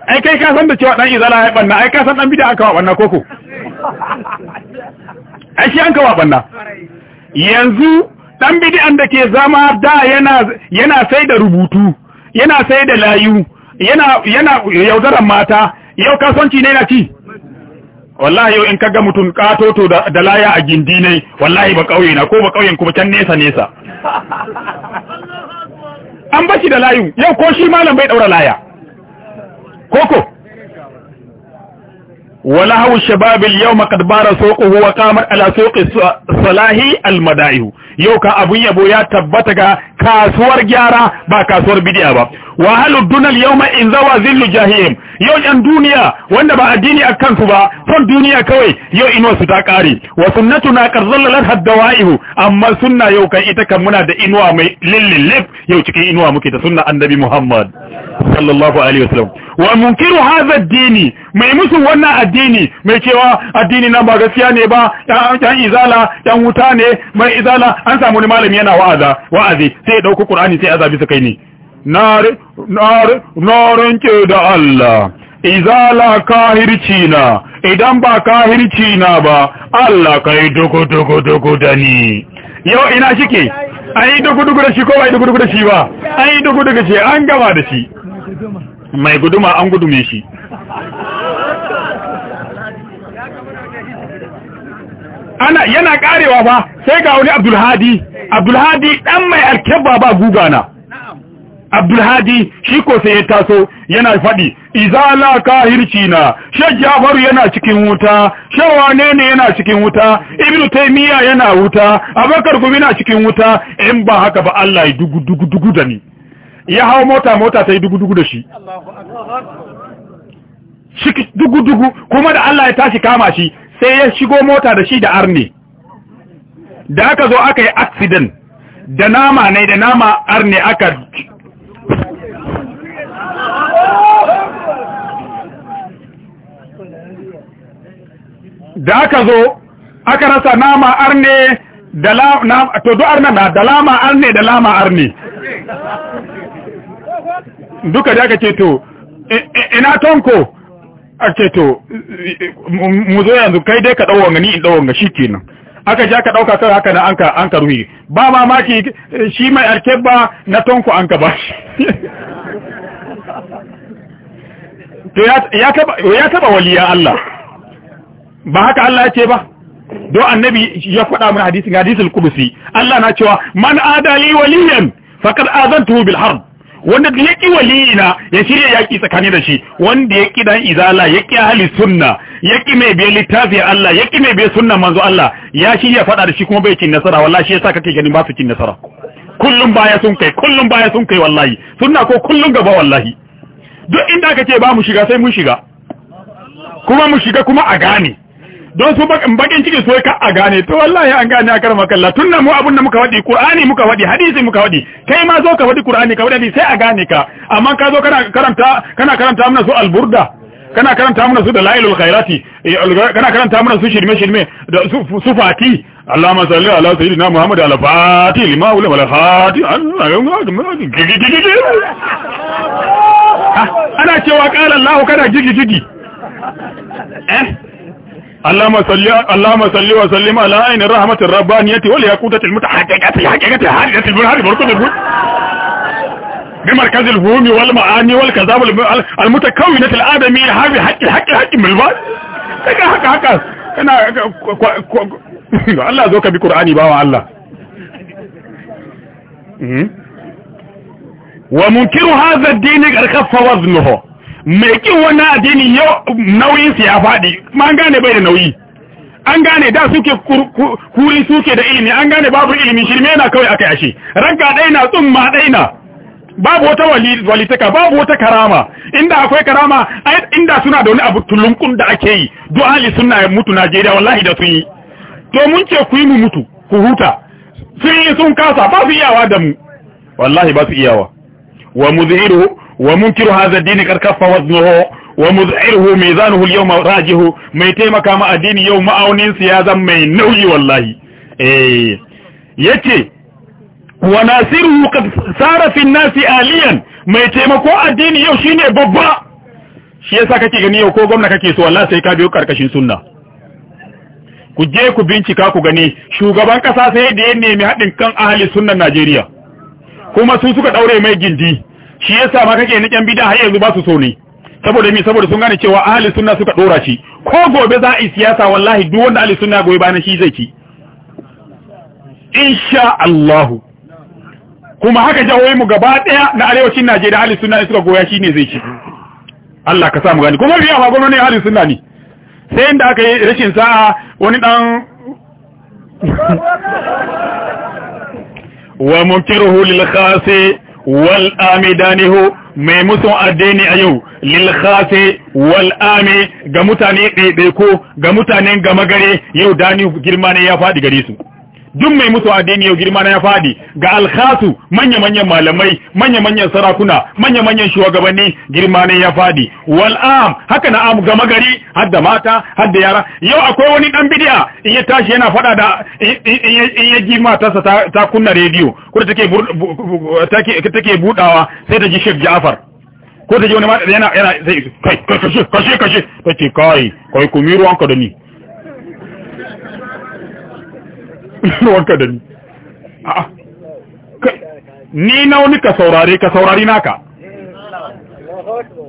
ai kai ka san da cewa dan izala ya banna ai ka san dan bida aka kawa banna koko ai shi an kawa banna yanzu ɗan bidi'an da ke zama da yana sai da rubutu yana sai da layu yana yaudaran mata yau kasuwanci ne na ci wallahi yau in kaga mutum katoto da laya a gindi ne wallahi ba kauye na ko ba kauyen kuma can nesa nesa an bashi da layu yau ko shi malam bai daura laya koko wala hau shababil yau makadbara soko huwa kamar ala soko salahi almadayu yau ka abun yabo ya tabbata ga kasuwar gyara ba kasuwar bid'a ba wahalu halud yau ma in zawa zillu jahim yau yan duniya wanda ba addini a kansu ba son duniya kawai yau inuwa ta kare wa sunnatuna qarzallalat haddawaihu amma sunna yau kan ita kan muna da inuwa mai lillilif yau cikin inuwa muke ta sunna annabi Muhammad sallallahu alaihi wasallam wa munkiru hadha ad-dini mai musu wannan addini mai cewa addini nan ba gaskiya ne ba yan izala yan wuta ne mai izala an samu wani malami yana wa'aza wa'azi sai ya dauko qur'ani sai azabi su kai ne nare nare naren ke da Allah izala kahirci na idan ba kahirci na ba Allah kai dugu dugu dugu da ni yau ina shike ai dugu dugu da shi ko bai dugu dugu da shi ba ai dugu dugu shi an gama da shi mai guduma an gudume shi ana yana karewa ba sai ga wani abdulhadi abdulhadi dan mai alkebba ba na abdulhadi shi ko sai ya taso yana faɗi izala kahirci na shek jafaru yana cikin wuta shawa ne yana cikin wuta ibnu taymiya yana wuta abakar gumi na cikin wuta in ba haka ba Allah ya dugu dugu dugu da ni ya hawo mota mota ta yi dugu dugu da shi dugu dugu kuma da Allah ya tashi kama shi sai ya shigo mota da shi da arne da aka zo aka yi accident da nama ne da nama arne aka da aka zo aka rasa nama arne da lama to do arna na da lama arne da lama arne duka da aka ce to e, e, ina tonko ake to mu zo yanzu kai dai ka dau wanga ni in ga shi kenan aka ja ka ɗauka kai haka na anka ka ruhi ba mamaki shi mai ba na tonku ka ba to ya taba ya taba waliya Allah ba haka Allah ya ce ba don annabi ya faɗa mana hadisin hadisul kubsi Allah na cewa man adali waliyan faqad azantuhu bil harb wanda ya ƙi walina ya shirya yaƙi tsakani da shi wanda ya ƙi dan izala ya ƙi ahli sunna ya ƙi mai biye littafi Allah ya ƙi mai biye sunna manzo Allah ya shirya faɗa da shi kuma bai cin nasara wallahi shi yasa kake ganin ba su cin nasara kullum baya sun kai kullum baya sun kai wallahi sunna ko kullum gaba wallahi duk inda aka ce ba mu shiga sai mun shiga kuma mu shiga kuma a gane don su bakin ciki so ka a gane to wallahi an gane akar makalla tunna mu abun da muka wadi qur'ani muka wadi hadisi muka wadi kai ma zo ka wadi qur'ani ka wadi sai a gane ka amma ka zo kana karanta kana karanta mana su alburda kana karanta mana su dalailul khairati eh, kana karanta mana su shirme shirme da su fati Allahumma salli ala sayyidina Muhammad ala fati lima wala wala fati ana cewa qala Allahu kana gigi gigi eh اللهم صل اللهم صل وسلم على عين الرحمة الربانية والياقوتة المتحققة في حقيقة حاجة المنهار بركض الفوت بمركز الفهم والمعاني والكذاب المتكونة الآدمية هذه حق الحق الحق من البعض حق حق حق أنا الله ذوك بقرآني باوى الله ومنكر هذا الدين أرخف وزنه mai kin wannan addini yau nauyin su ya faɗi kuma an gane bai da nauyi an gane da suke kuri suke da ilimi an gane babu ilimi shirme yana kawai aka yashe ranka daina tsumma daina babu wata walitaka babu wata karama inda akwai karama inda suna da wani abu tulunkun da ake yi duk ahli sunna ya mutu Najeriya wallahi da sun yi to mun ce ku yi mu mutu ku huta sun yi sun kasa ba su iyawa da mu wallahi ba su iyawa wa muzhiru ومنكر هذا الدين قد كف وزنه ومذعره ميزانه اليوم راجه ما تيمكا ما الدين يوم أونين سيازا من نوي والله إيه يتي وناصره قد صار في الناس آليا ما تيمكو الدين يوم شيني ببا shi yasa kake gani yau ko gwamna kake so wallahi sai ka biyo ku je ku bincika ku gani shugaban kasa sai da ya nemi haɗin kan ahli sunnan Najeriya kuma su suka daure mai gindi shi yasa ma kake niƙen bid'a har yanzu ba su so ne saboda me saboda sun gane cewa ahli sunna suka dora shi ko gobe za a yi siyasa wallahi duk wanda ahli sunna goyi bayan shi zai ci insha Allah kuma haka jawoyi mu gaba daya na arewacin Najeriya ahli sunna suka goya shi ne zai ci Allah ka sa mu gani kuma biya fa ne ahli sunna ne sai inda aka yi rashin sa'a wani dan wa munkiruhu lil khasi wal amidani ho mai mutum addini a yau lil khasi wal ami ga mutane ko ga mutanen gama gare yau dani girma ne ya faɗi gare su duk mai mutu addini yau girma na ya fadi ga alkhasu manya-manyan malamai manya-manyan sarakuna manya-manyan shugabanni girma na ya fadi wal am haka na am gama gari hadda mata hadda yara yau akwai wani dan bidiya in ya tashi yana fada da in ya ji matarsa ta kunna rediyo ko take take take budawa sai ta ji Sheikh Ja'far ko ta ji wani yana yana sai kai kai kai kai kai kai kai kai an kai kai wanka ni a'a ka saurare ka saurari naka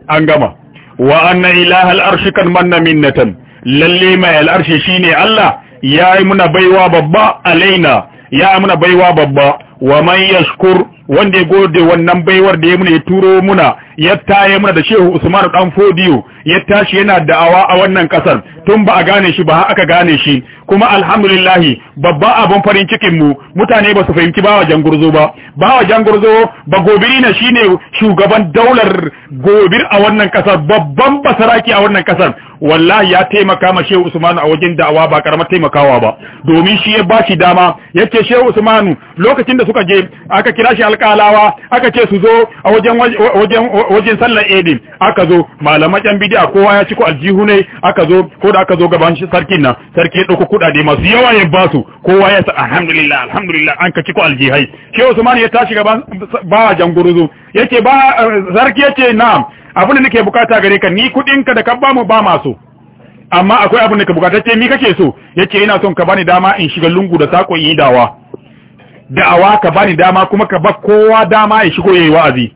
an gama wa anna ilahal arshi kan manna minnatan lalle mai al'arshi shine Allah yayi muna baiwa babba alaina yayi muna baiwa babba wa man yashkur wanda ya gode wannan baiwar da ya muna ya turo muna ya taye muna da shehu usman dan fodiyo ya tashi yana da'awa a wannan kasar tun ba a gane shi ba aka gane shi kuma alhamdulillahi babba abin farin cikin mu mutane ba su fahimci bawa jangurzo ba bawa jangurzo ba gobiri na shine shugaban daular gobir a wannan kasar babban basaraki a wannan kasar wallahi ya taimaka ma shehu usman a wajen da'awa ba karamar taimakawa ba domin shi ya bashi dama yace shehu usman lokacin da suka je aka kira shi kalkalawa aka ce su zo a wajen wajen wajen sallar edin aka zo malama yan bid'a kowa ya ci ko aljihu ne aka zo ko da aka zo gaban shi sarkin nan sarki ya dauko kudade masu yawa ya ba su kowa ya sa alhamdulillah alhamdulillah an ka ci ko aljihai shehu usman ya tashi gaban ba janguruzo yake ba sarki yake na'am abin da nake bukata gare ka ni kudin ka da ka ba mu ba masu amma akwai abin da ka bukata ce ni kake so yake ina son ka bani dama in shiga lungu da sako yi dawa da'awa ka bani dama kuma ka ba kowa dama ya shigo yayi wa'azi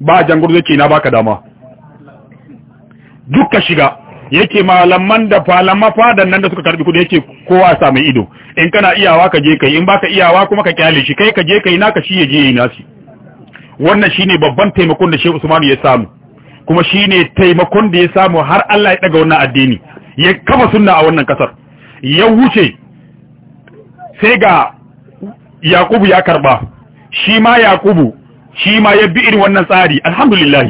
ba jangur zai ce na baka dama duk ka shiga yake malaman da falama fadan nan da suka karbi kudi yake kowa ya samu ido in kana iyawa ka je kai in baka iyawa kuma ka kyale shi kai ka je kai naka shi ya je yayi nasi wannan shine babban taimakon da Sheikh Usman ya samu kuma shine taimakon da ya samu har Allah ya daga wannan addini ya kafa sunna a wannan kasar ya wuce sai ga yakubu ya karba shi ma yakubu shi ma ya bi irin wannan tsari alhamdulillah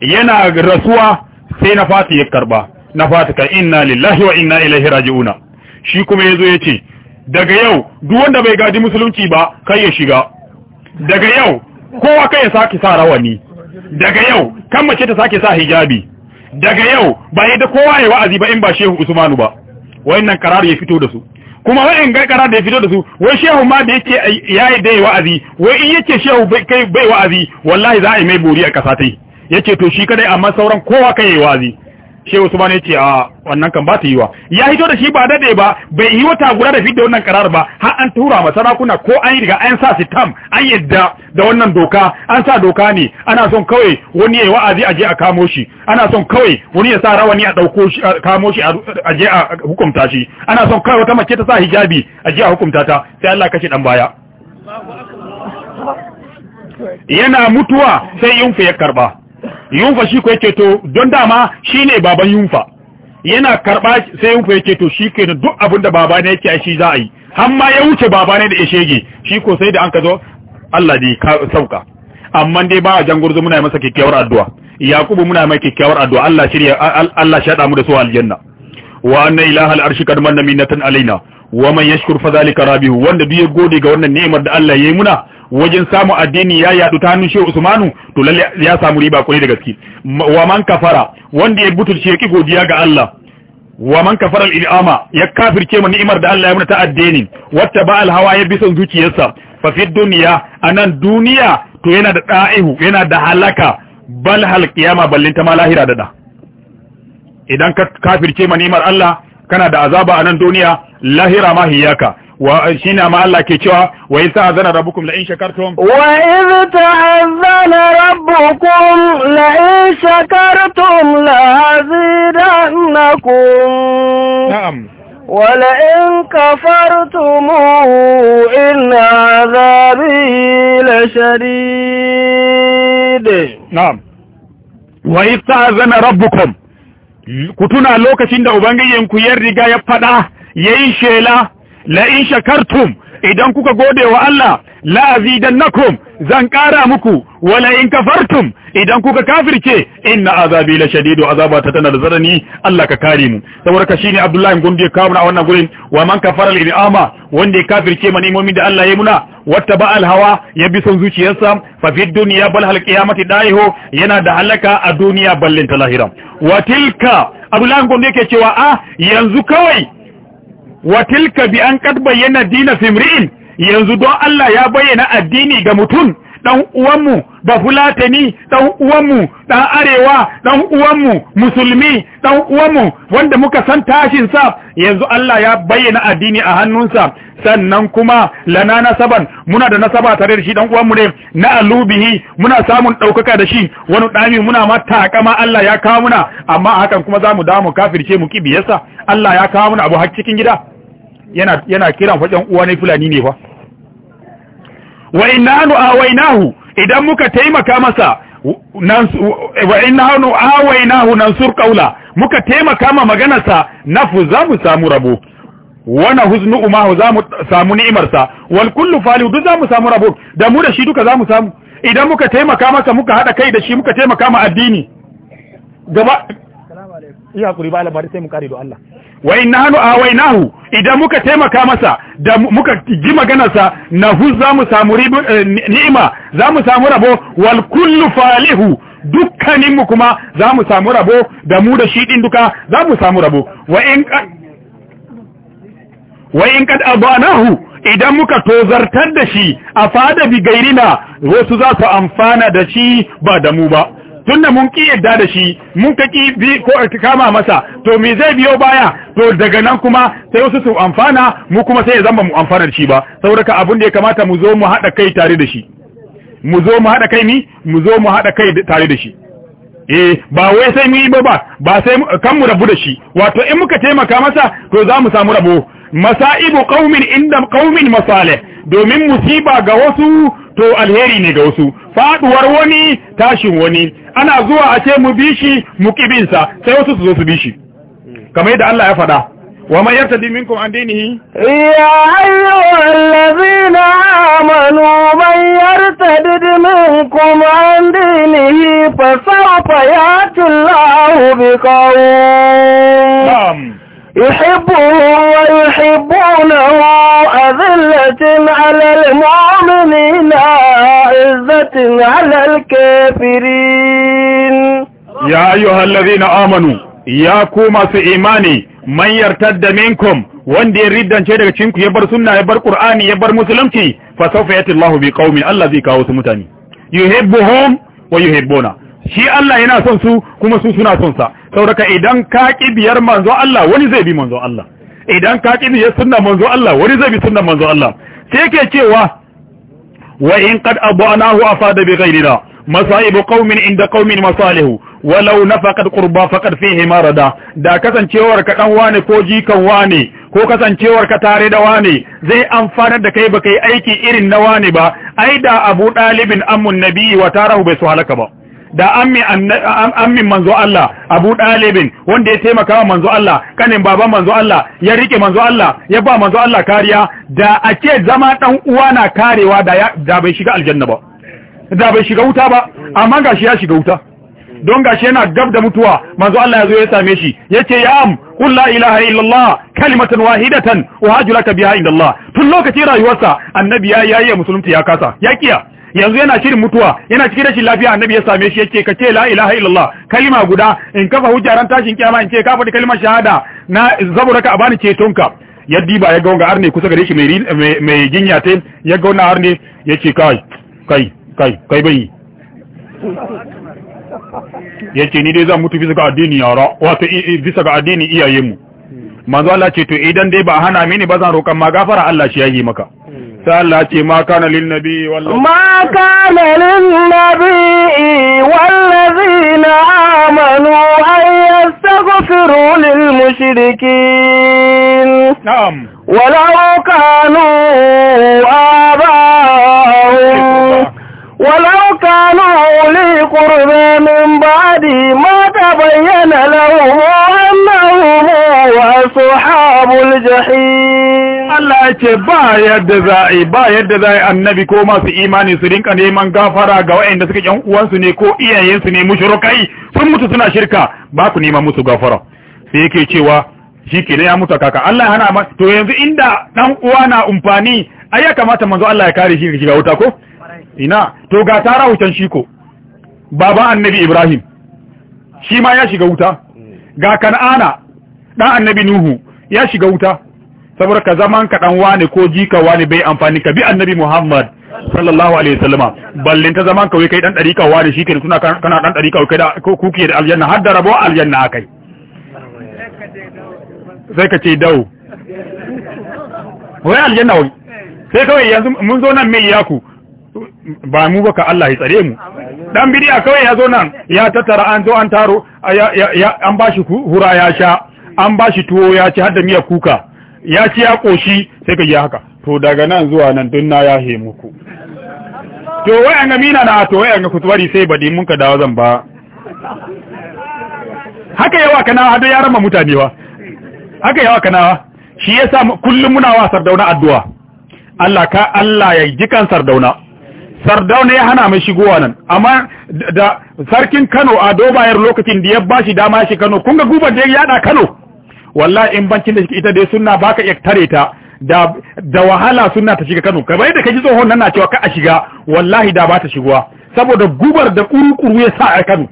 yana rasuwa sai na fata ya karba na fata ka inna lillahi wa inna ilaihi raji'una shi kuma yazo yace daga yau duk wanda bai gadi musulunci ba kai ya shiga daga yau kowa kai ya saki sa rawani daga yau kan mace ta sake sa hijabi daga yau ba yadda kowa ya wa'azi ba in ba shehu usmanu ba wayannan karar ya fito da su kuma wa'in gargara da ya fito da su wai shehu ma da yake yayi dai wa'azi wai in yake shehu kai bai wa'azi wallahi za a yi mai bori a kasa tai yace to shi kadai amma sauran kowa kai yi wa'azi shi usman ce a wannan kan ba ta wa ya hito da shi ba dade ba bai yi wata gura da fidda wannan karar ba har an tura ma sarakuna ko an yi riga an sa sitam an yadda da wannan doka an sa doka ne ana son kawai wani ya yi wa'azi aje a kamo shi ana son kawai wani ya sa rawani a dauko shi a kamo shi aje a hukumta shi ana son kawai wata mace ta sa hijabi aje a hukumta ta sai Allah kashe dan baya yana mutuwa sai yunfe ya karba yunfa shi ko yake to don dama shi ne baban yunfa yana karba sai yunfa yake to shi ke duk abin da baba ne yake shi za a yi amma ya wuce baba ne da ya shege shi ko sai da an ka zo Allah dai ka sauka amma dai ba a jangurzo muna masa kyakkyawar addu'a yakubu muna mai kyakkyawar addu'a Allah shirya Allah shada mu da su aljanna wa anna ilaha al-arshi kad manna minnatan alaina wa man yashkur fa zalika rabihu wanda duk ya gode ga wannan ni'imar da Allah yayi muna wajen samu addini ya yadu ta hannun shehu usmanu to lalle ya samu riba kwai da gaske wa man kafara wanda ya butulce ya godiya ga Allah wa man kafara al-ilama ya kafirce mu ni'imar da Allah ya muna ta addini wata ba al-hawa ya son zuciyarsa fa fi dunya anan duniya to yana da da'ihu yana da halaka bal hal qiyama ballin ta malahira da da idan ka kafirce mu ni'imar Allah kana da azaba anan duniya lahira ma hiyaka wa shine ma Allah ke cewa wa in ta'azzana rabbukum la in shakartum wa in ta'azzana rabbukum la in shakartum la azidannakum na'am ولئن كفرتم إن عذابي لشديد نعم وإذ تأذن ربكم كتنا لوكشين دا أبنجي ينكو يرغا يبقى يين shela. La'in in shakartum idan kuka gode wa Allah la azidannakum zan ƙara muku Wa la'in kafartum idan kuka kafirce inna azabi la shadidu azaba ta tana da zarani Allah ka kare mu saboda ka shine Abdullahi gundi ka mun a wannan gurin wa man kafara al-in'ama wanda ya kafirce man imomin da Allah ya muna Wata al-hawa ya bi son zuciyarsa fa fi dunya bal hal qiyamati daiho yana da halaka a duniya ballin ta lahira wa tilka Abdullahi gundi yake cewa a ah, yanzu kawai watilka bi an qad bayyana dina simri'in yanzu don Allah ya bayyana addini ga mutum dan uwanmu ba fulatani dan uwanmu dan arewa dan uwanmu musulmi dan uwanmu wanda muka san tashin sa yanzu Allah ya bayyana addini a hannunsa sannan kuma lana nasaban muna da nasaba tare da shi dan uwanmu ne na alubihi muna samun daukaka da shi wani dami muna ma takama Allah ya kawo muna amma hakan kuma zamu damu kafirce mu kibiyarsa Allah ya kawo muna abu har cikin gida yana kiran fa uwa ne fulani ne fa wa innanu awainahu idan muka taimaka masa wa innanu awainahu sur qaula muka taimaka ma maganarsa nafu za mu samu rabo wani huznu umahu za mu samu ni'imarsa wal kullu fali duk za mu samu rabo da mu da shi duka za mu samu idan muka taimaka masa muka haɗa kai da shi muka taimaka ma addini gaba iya kuri ba labari sai mu kare da Allah wa in nahnu awainahu idan muka taimaka masa da muka ji maganarsa za mu samu eh, ni'ima za mu samu rabo wal kullu falihu dukkaninmu kuma za mu samu rabo da mu da shi din duka mu samu rabo wa in wa in abanahu idan muka tozartar da shi a fada bi gairina wasu za su amfana da shi ba da mu ba tunda mun ki yadda da shi mun ka ki bi ko kama masa to me zai biyo baya to daga nan kuma sai wasu su amfana mu kuma sai ya zama mu amfana da shi ba saboda abin da ya kamata mu zo mu hada kai tare da shi mu zo mu hada kai ni mu zo mu hada kai tare da shi eh ba wai sai mu yi ba ba ba sai kan mu rabu da shi wato in muka taimaka masa to za mu samu rabo masaibu qaumin inda qaumin masalih domin musiba ga wasu to alheri ne ga wasu faduwar wani tashin wani ana zuwa a ce mu bishi mu kibinsa sai wasu su zo su bishi kamar yadda Allah ya faɗa ومن يرتد منكم عن دينه يا أيها الذين amanu من يرتد منكم عن دينه فسوف يأتي الله بقوم نعم يحبه ويحبونه أذلة على المؤمنين عزة على الكافرين يا أيها الذين آمنوا يا كوما في من يرتد منكم wanda ya ce daga cinku ya bar sunna ya bar qur'ani ya bar musulunci fa sawfa yati Allahu bi qaumin Allah zai kawo su mutane yuhibbuhum wa yuhibbuna shi Allah yana son su kuma su suna son sa saboda idan ka ki biyar manzo Allah wani zai bi manzo Allah idan ka ki biyar sunna manzo Allah wani zai bi sunna manzo Allah sai yake cewa wa in qad abanahu afada bi ghayrina masaibu qaumin inda qaumin masalihu walau nafaqat qurba faqad fihi marada da kasancewar ka dan wane ko jikan wane ko kasancewar ka tare da wane zai amfana da kai baka yi aiki irin na wane ba ai da abu dalibin ammun nabi wa tarahu bai su halaka ba da ammin manzo Allah Abu ɗalibin wanda ya taimaka wa manzo Allah kanin baban manzo Allah ya rike manzo Allah ya ba manzo Allah kariya da a ce zama ɗan uwa na karewa da bai shiga aljanna ba da bai shiga wuta ba amma shi ya shiga wuta don ga shi yana gab da mutuwa manzo Allah ya zo ya same shi ce ya am qul la ilaha illallah kalimatan wahidatan wa hajulaka biha indallah tun lokaci rayuwarsa annabi ya yayi musulunci ya kasa ya kiya yanzu yana shirin mutuwa yana cikin rashin lafiya annabi ya same shi yake ka ce la ilaha illallah kalima guda in kafa hujjaran tashin kiyama in ce ka faɗi kalmar shahada na zaburaka a bani cetonka yaddi ba ya ga wanga arne kusa gare shi mai mai jinya ta ya ga wanga arne yace kai kai kai kai bai yace ni dai zan mutu bisa ga addini yara wato bisa ga addini iyayenmu manzo Allah ce to idan dai ba hana mini ba zan roƙan ma Allah shi yayi maka sai Allah ce ma kana lin nabi wallahi ma kana lin nabi wallazina amanu ay yastaghfiru lil mushrikin na'am walau kanu aba'ahum ولو كانوا أولي قربى من بعد ما تبين لهم أنهم أصحاب الجحيم Allah ya ce ba yadda za ba yadda za annabi ko masu imani su rinka neman gafara ga waɗanda suka ƴan uwansu ne ko iyayensu ne mushrikai sun mutu suna shirka ba ku neman musu gafara sai yake cewa shi kenan ya mutu kaka to yanzu inda dan uwa na umfani ai ya kamata manzo Allah ya kare shi daga wuta ko ina to ga tara wutan shi ko baban annabi ibrahim shi ma ya shiga wuta ga kan'ana dan annabi nuhu ya shiga wuta saboda ka zaman ka dan wane ko jika wane bai amfani ka bi annabi muhammad sallallahu alaihi wasallama ballin ta zaman ka kai dan dariƙa wani shikenan kuna kana dan dariƙa kai da kuke da aljanna har da rabo aljanna akai sai ka ce dawo wai aljanna wai sai kawai yanzu mun zo nan mai yaku ba mu ba ka Allah ya tsare mu dan bidiya kawai ya zo nan ya tattara an zo an taro an bashi hura ya sha an bashi tuwo ya ci har da miya kuka ya ci ya koshi sai ka yi haka to daga nan zuwa nan dun na ya he muku to wai an amina na to an ga kutwari sai badi mun ka dawo zan ba haka yawa kana hado ya rama mutane wa haka yawa kana shi yasa kullum muna wa sardauna addu'a Allah ka Allah ya ji kan sardauna sardau ne ya hana mai shigowa nan amma da sarkin kano a dobayar lokacin da ya bashi shi dama shi kano kun ga gubar da ya yada kano wallahi in bancin da shi ita dai suna baka iya tare ta da da wahala suna ta shiga kano kamar da kaji tsohon nan na cewa ka a shiga wallahi da ba ta shigowa saboda gubar da kurukuru ya sa a kano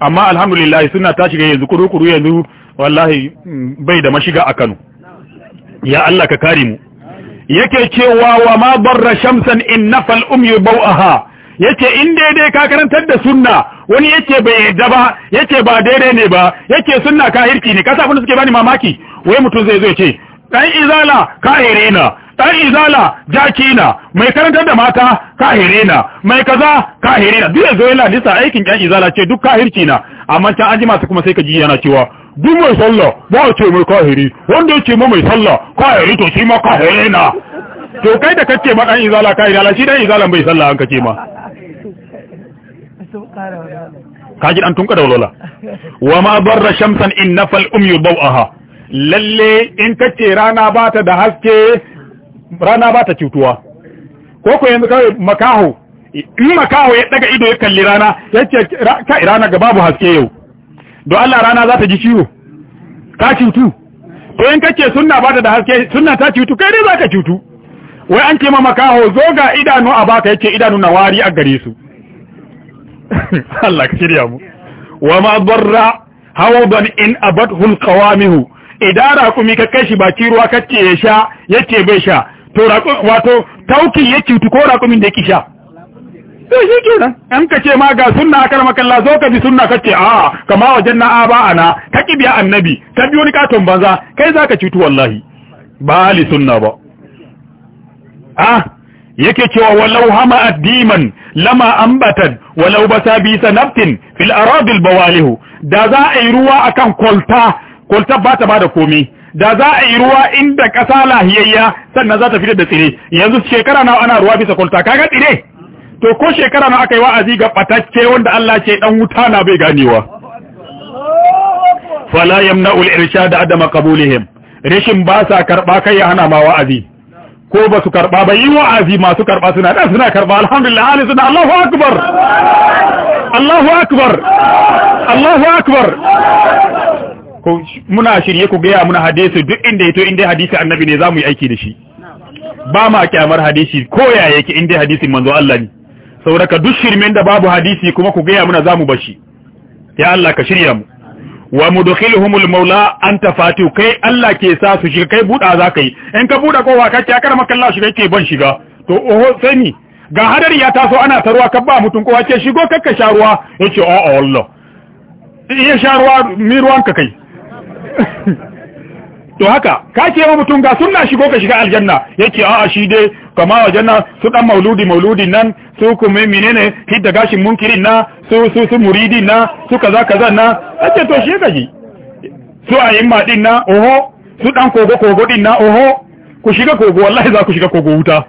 amma alhamdulillah sunna ta shiga yanzu kurukuru yanzu wallahi mm, bai da mashiga a kano ya Allah ka kare mu yake cewa wa ma barra shamsan in nafal umyu bau'aha yace in daidai ka karantar da sunna wani yake bai yadda ba yake ba daidai ne ba yake sunna hirki ne ka safin suke bani mamaki wai mutum zai zo ce dan izala ka na dan izala jakina mai karantar da mata ka na mai kaza ka kahirina duk zo yana lissa aikin yan izala ce duk ka hirki na amma can an su kuma sai ka ji yana cewa duk mai sallah ba a ce mai kahiri wanda yake ma mai sallah kahiri to shi ma kahiri na to kai da kake ma dan izala kahiri ala shi dan izalan bai sallah an kake ma ji an tunka da walwala wa ma barra shamsan in nafal um yudawaha lalle in kace rana ba ta da haske rana ba ta cutuwa ko ko yanzu kai makaho in makaho ya daga ido ya kalli rana yace ka rana ga babu haske yau don Allah rana za ta ji ciwo ka cutu to in kake sunna ba ta da haske suna ta cutu kai dai za ka cutu wai an ce ma makaho zo ga idanu a baka yake idanu na wari a gare su Allah ka shirya mu wa ma darra hawdan in abathu mihu, idara kuma ka kashi ba ki ruwa kake ya sha yake bai sha to wato tauki ya cutu ko raƙumin da ya ki sha to shi kenan an ka ce ma ga sunna akar makalla zo ka bi sunna ka ce a kama wajen na aba ana ka ki biya annabi ta biyo ni katon banza kai zaka cutu wallahi ba li sunna ba a yake cewa walau hama addiman lama ambatan walau basabisa naftin fil aradil bawalihu da za a yi ruwa akan kolta kolta ba ta bada komai da za a yi ruwa inda ƙasa lahiyayya sannan za ta fitar da tsire yanzu shekara nawa ana ruwa bisa kolta kaga tsire to ko shekara na aka yi wa'azi ga fatacce wanda Allah ce dan wuta na bai ganewa fala yamna'ul irshad adama qabulihim rishin ba sa karba kai ya hana ma wa'azi ko ba su karba ba yi wa'azi masu karba suna da suna karba alhamdulillah Ali suna Allahu akbar Allahu akbar Allahu akbar ko muna shirye ku gaya muna hadisi duk inda yato inda hadisi annabi ne zamu yi aiki da shi ba ma kyamar hadisi ko yaya inda hadisin manzo Allah ne sauraka duk shirmen da babu hadisi kuma ku gaya muna zamu bashi ya Allah ka shirya mu wa mudkhiluhumul maula anta fatu kai Allah ke sa su shiga kai buda za kai in ka buda kowa ka ce kar maka Allah shiga ban shiga to oho sai ni ga hadari ya taso ana tarwa ka ba mutun kowa ke shigo kakka sharuwa. yace a'a Allah iya sharuwa ruwa mi ruwanka kai to haka ka ce wa mutum ga sunna shigo ka shiga aljanna yake a'a shi dai kama wa janna su dan mauludi mauludi nan su kuma menene hidda gashin munkirin na su su su muridi na su kaza kaza na kace to shi kaji su a'imma din na oho su dan kogo kogo din na oho ku shiga kogo wallahi za ku shiga kogo wuta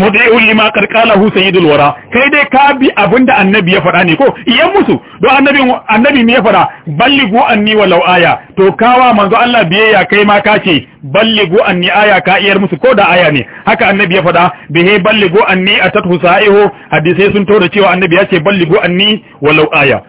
mudi'un lima qad qalahu sayyidul wara kai dai ka bi abinda annabi ya faɗa ne ko iyan musu don annabi annabi me ya faɗa ballighu anni walau aya to kawa manzo Allah biyayya kai ma ka ce ballighu anni aya ka iyar musu ko da aya ne haka annabi ya faɗa bihe ballighu anni atatu sa'ihu hadisi sun to da cewa annabi ya ce ballighu anni walau aya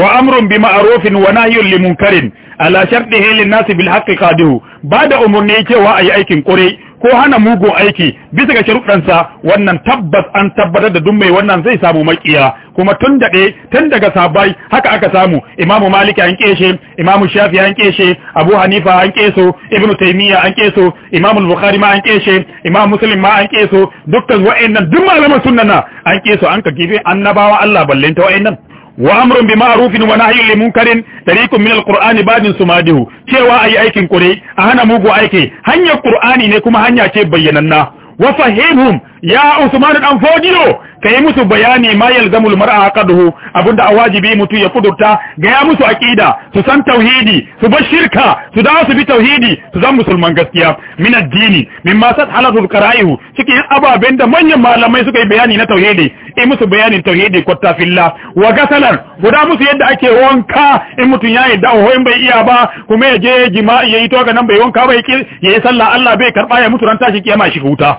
وأمر بمعروف ونهي لمنكر على شرطه للناس بالحق قاده bada umurni cewa ayi aikin kure ko hana mugun aiki bisa ga sharuɗansa wannan tabbas an tabbatar da duk mai wannan zai samu makiya kuma tun daɗe tun daga sabai haka aka samu imamu maliki an keshe imamu shafi an keshe abu hanifa an keso ibn taimiyya an keso imamu bukhari ma an keshe imamu muslim ma an keso dukkan wa'annan duk malaman sunna an keso an ka gibe annabawa Allah ballanta wa'annan wa amrun bi ma'rufin wa nahyun lil munkarin tariqun min alqur'ani badin sumadihu cewa ayi aikin kure a hana mugu aiki hanyar qur'ani ne kuma hanya ce bayyananna wa fahimhum ya usman dan fodiyo ka yi musu bayani ma yalzamul mar'a aqaduhu abinda a wajibi mutu ya kudurta ga ya musu aqida su san tauhidi su bar shirka su dawo su bi tauhidi su zan musulman gaskiya min addini mimma sat halatul qara'ihu cikin ababen da manyan malamai suka yi bayani na tauhidi in musu bayanin tauhidi kwatta fillah wa gasalan guda musu yadda ake wanka in mutun ya yi dawo in bai iya ba kuma ya je jima'i yayi to ga nan bai wanka bai yayi sallah Allah bai karba ya mutu ran tashi kiyama shi huta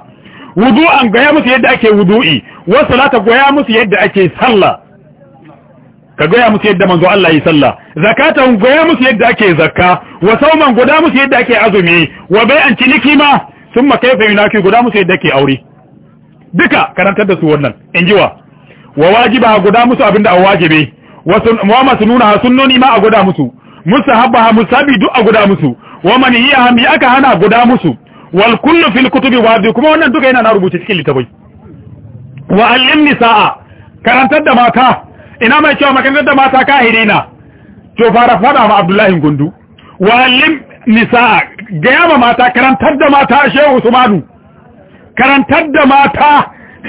wudu'an an gaya musu yadda ake wudu'i wa salata gaya musu yadda ake sallah ka gaya musu yadda manzo Allah yi sallah zakatan an ya musu yadda ake zakka wa sauman guda musu yadda ake azumi wa bai'an ciniki ma thumma kayfa yunaki guda musu yadda ake aure duka karantar da su wannan injiwa wa wajiba guda musu abinda a wajibi wasu mu'amma sununa sunnoni ma a guda musu musahabba musabi duk a guda musu wa manihiya mi aka hana guda musu wal kullu fil kutubi wadi kuma wannan duka yana na rubuce cikin littafai wa allim nisaa karantar da mata ina mai cewa makarantar da mata ka kahirina to fara fada ma abdullahi gundu wa allim nisaa gaya ma mata karantar da mata shehu usmanu karantar da mata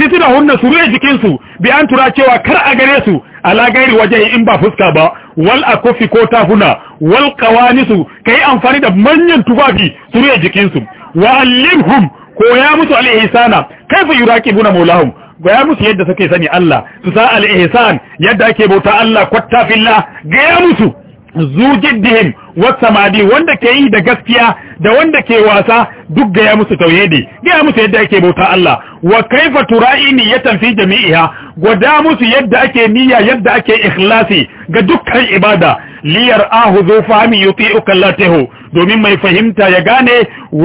titi da hunna su jikin jikinsu bi an tura cewa kar a gare su ala gairi waje in ba fuska ba wal akufi ko tafuna wal qawanisu kai amfani da manyan tufafi su jikin jikinsu wa allimhum koya musu al yi kaifa buna maulahum gaya musu yadda suke sani Allah su sa al yadda ake bauta Allah kwatta filla? gaya musu zu jiddihim wasamadi wanda ke yi da gaskiya da wanda ke wasa duk gaya musu tauhidi gaya musu yadda ake bauta Allah wa kaifa tura'i niyatan fi jami'iha gwada musu yadda ake niyya yadda ake ikhlasi ga dukkan ibada liyar ahu zo fami yuti ukallatehu domin mai fahimta ya gane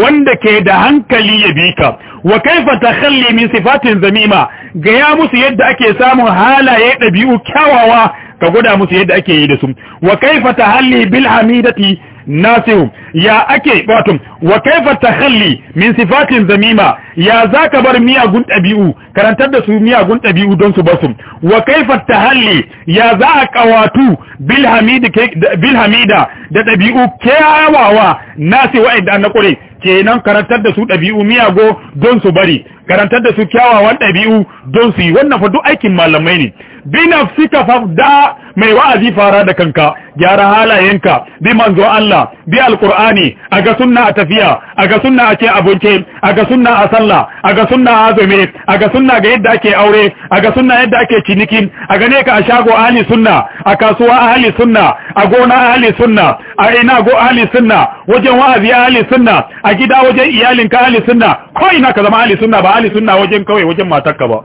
wanda ke da hankali ya bi ka wa kaifa kalli min sifatin zamima ga ya musu yadda ake samun halaye ɗabi'u kyawawa ka gwada musu yadda ake yi da su wa kaifa tahalli bil hamidati nasihu ya ake wato wa kaifa takhalli min sifatin zamima ya zaka bar miyagun dabi'u karantar da su miyagun dabi'u don su basu wa kaifa tahalli ya za a kawatu bil hamid bil hamida da dabi'u kyawawa nasi wa'ida na kure kenan karantar da su dabi'u miyago don su bari karantar da su kyawawan dabi'u don su yi wannan fa duk aikin malamai ne bi nafsika fafda mai wa'azi fara da kanka gyara halayenka bi manzo Allah bi alqur'ani aga sunna a tafiya aga sunna a ce abunce aga sunna a sallah aga sunna a azumi aga sunna ga yadda ake aure aga sunna yadda ake ciniki aga ne ka a shago ahli sunna a kasuwa ahli sunna a gona ahli sunna a ina go ahli sunna wajen wa'azi ahli sunna a gida wajen iyalinka ahli sunna ko ina ka zama ahli sunna ba ahli sunna wajen kawai wajen matarka ba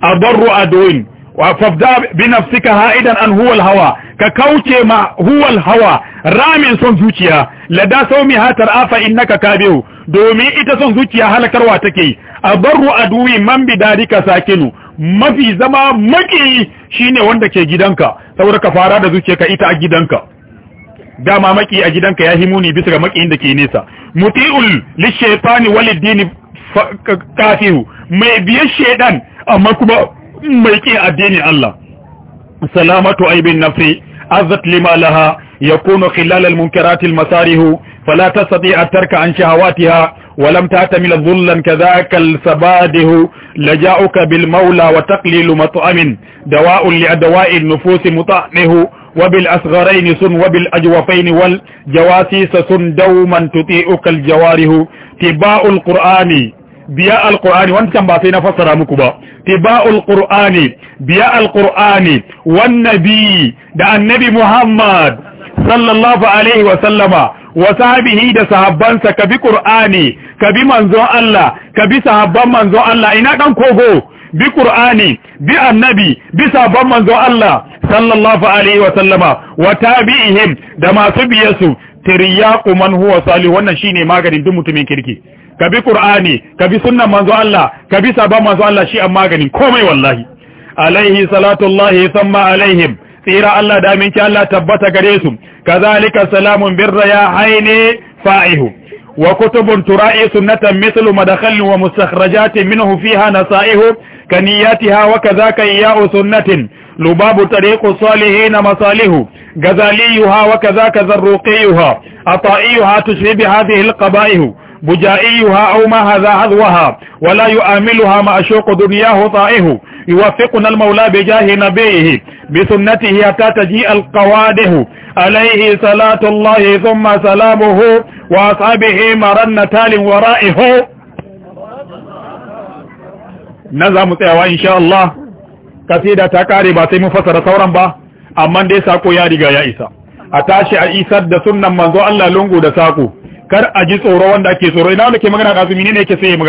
adarru adwin wa fafda bi nafsika ha'idan an huwal hawa ka kauce ma huwal hawa ramin son zuciya lada saumi hatar afa innaka kabiu domin ita son zuciya halakarwa take adarru adwi man dalika sakinu mafi zama maki shine wanda ke gidanka saboda ka fara da ka ita a gidanka dama maki a gidanka ya himuni bisa ga maki da ke nesa muti'ul lishaytani walid dini kafihu mai biye shedan amma kuma mai ke addini Allah salamatu aibin nafsi azat lima laha yakunu khilal al munkarat al masarihu fala tastati at tarka an shahawatiha ولم تعتمل ظلا كذاك السباده لجاؤك بالمولى وتقليل مطعم دواء لأدواء النفوس مطعمه وبالأصغرين سن وبالأجوفين والجواسيس سن دوما تطيئك الجواره تباء القرآن biya Wani wancan ba sai na fassara muku ba tiba'ul qur'ani biya alqur'ani wan nabi da annabi muhammad sallallahu alaihi wa sallama wa sahabihi da sahabbansa ka bi qur'ani ka bi manzon Allah ka bi sahabban manzon Allah ina dan kogo bi qur'ani bi annabi bi sahabban manzon Allah sallallahu alaihi wa sallama wa tabi'ihim da masu biyasu tiryaku man huwa salih wannan shine maganin duk mutumin kirki ka bi ƙur'ani ka bi sunan manzo Allah ka bi sabon manzo Allah shi an maganin komai wallahi alaihi salatullahi thumma alaihim tsira Allah da aminci Allah tabbata gare su kazalika salamun birra ya haini fa'ihu wa kutubun tura'i sunnatan mislu madakhalin wa mustakhrajatin minhu fiha nasaihu hawa wa ka iya sunnatin lubabu salihi na masalihu gazaliyuha wa kadhaka zarruqiyuha ata'iyuha tushribi hadhihi alqaba'ihu بجائيها أو ما هذا هذوها ولا يؤملها ما أشوق دنياه طائه يوفقنا المولى بجاه نبيه بسنته حتى تجيء القواده عليه صلاة الله ثم سلامه وأصحابه مرن تال ورائه نظام تيوا إن شاء الله قصيدة تكاري باتي مفسرة ثورا با أمان دي ساكو يا رجا يا إيسا a tashi a isar da sunnan manzo Allah lungu da saƙo kar a ji tsoro wanda ake tsoro ina wanda ke magana da azumi ne yake sai ya magana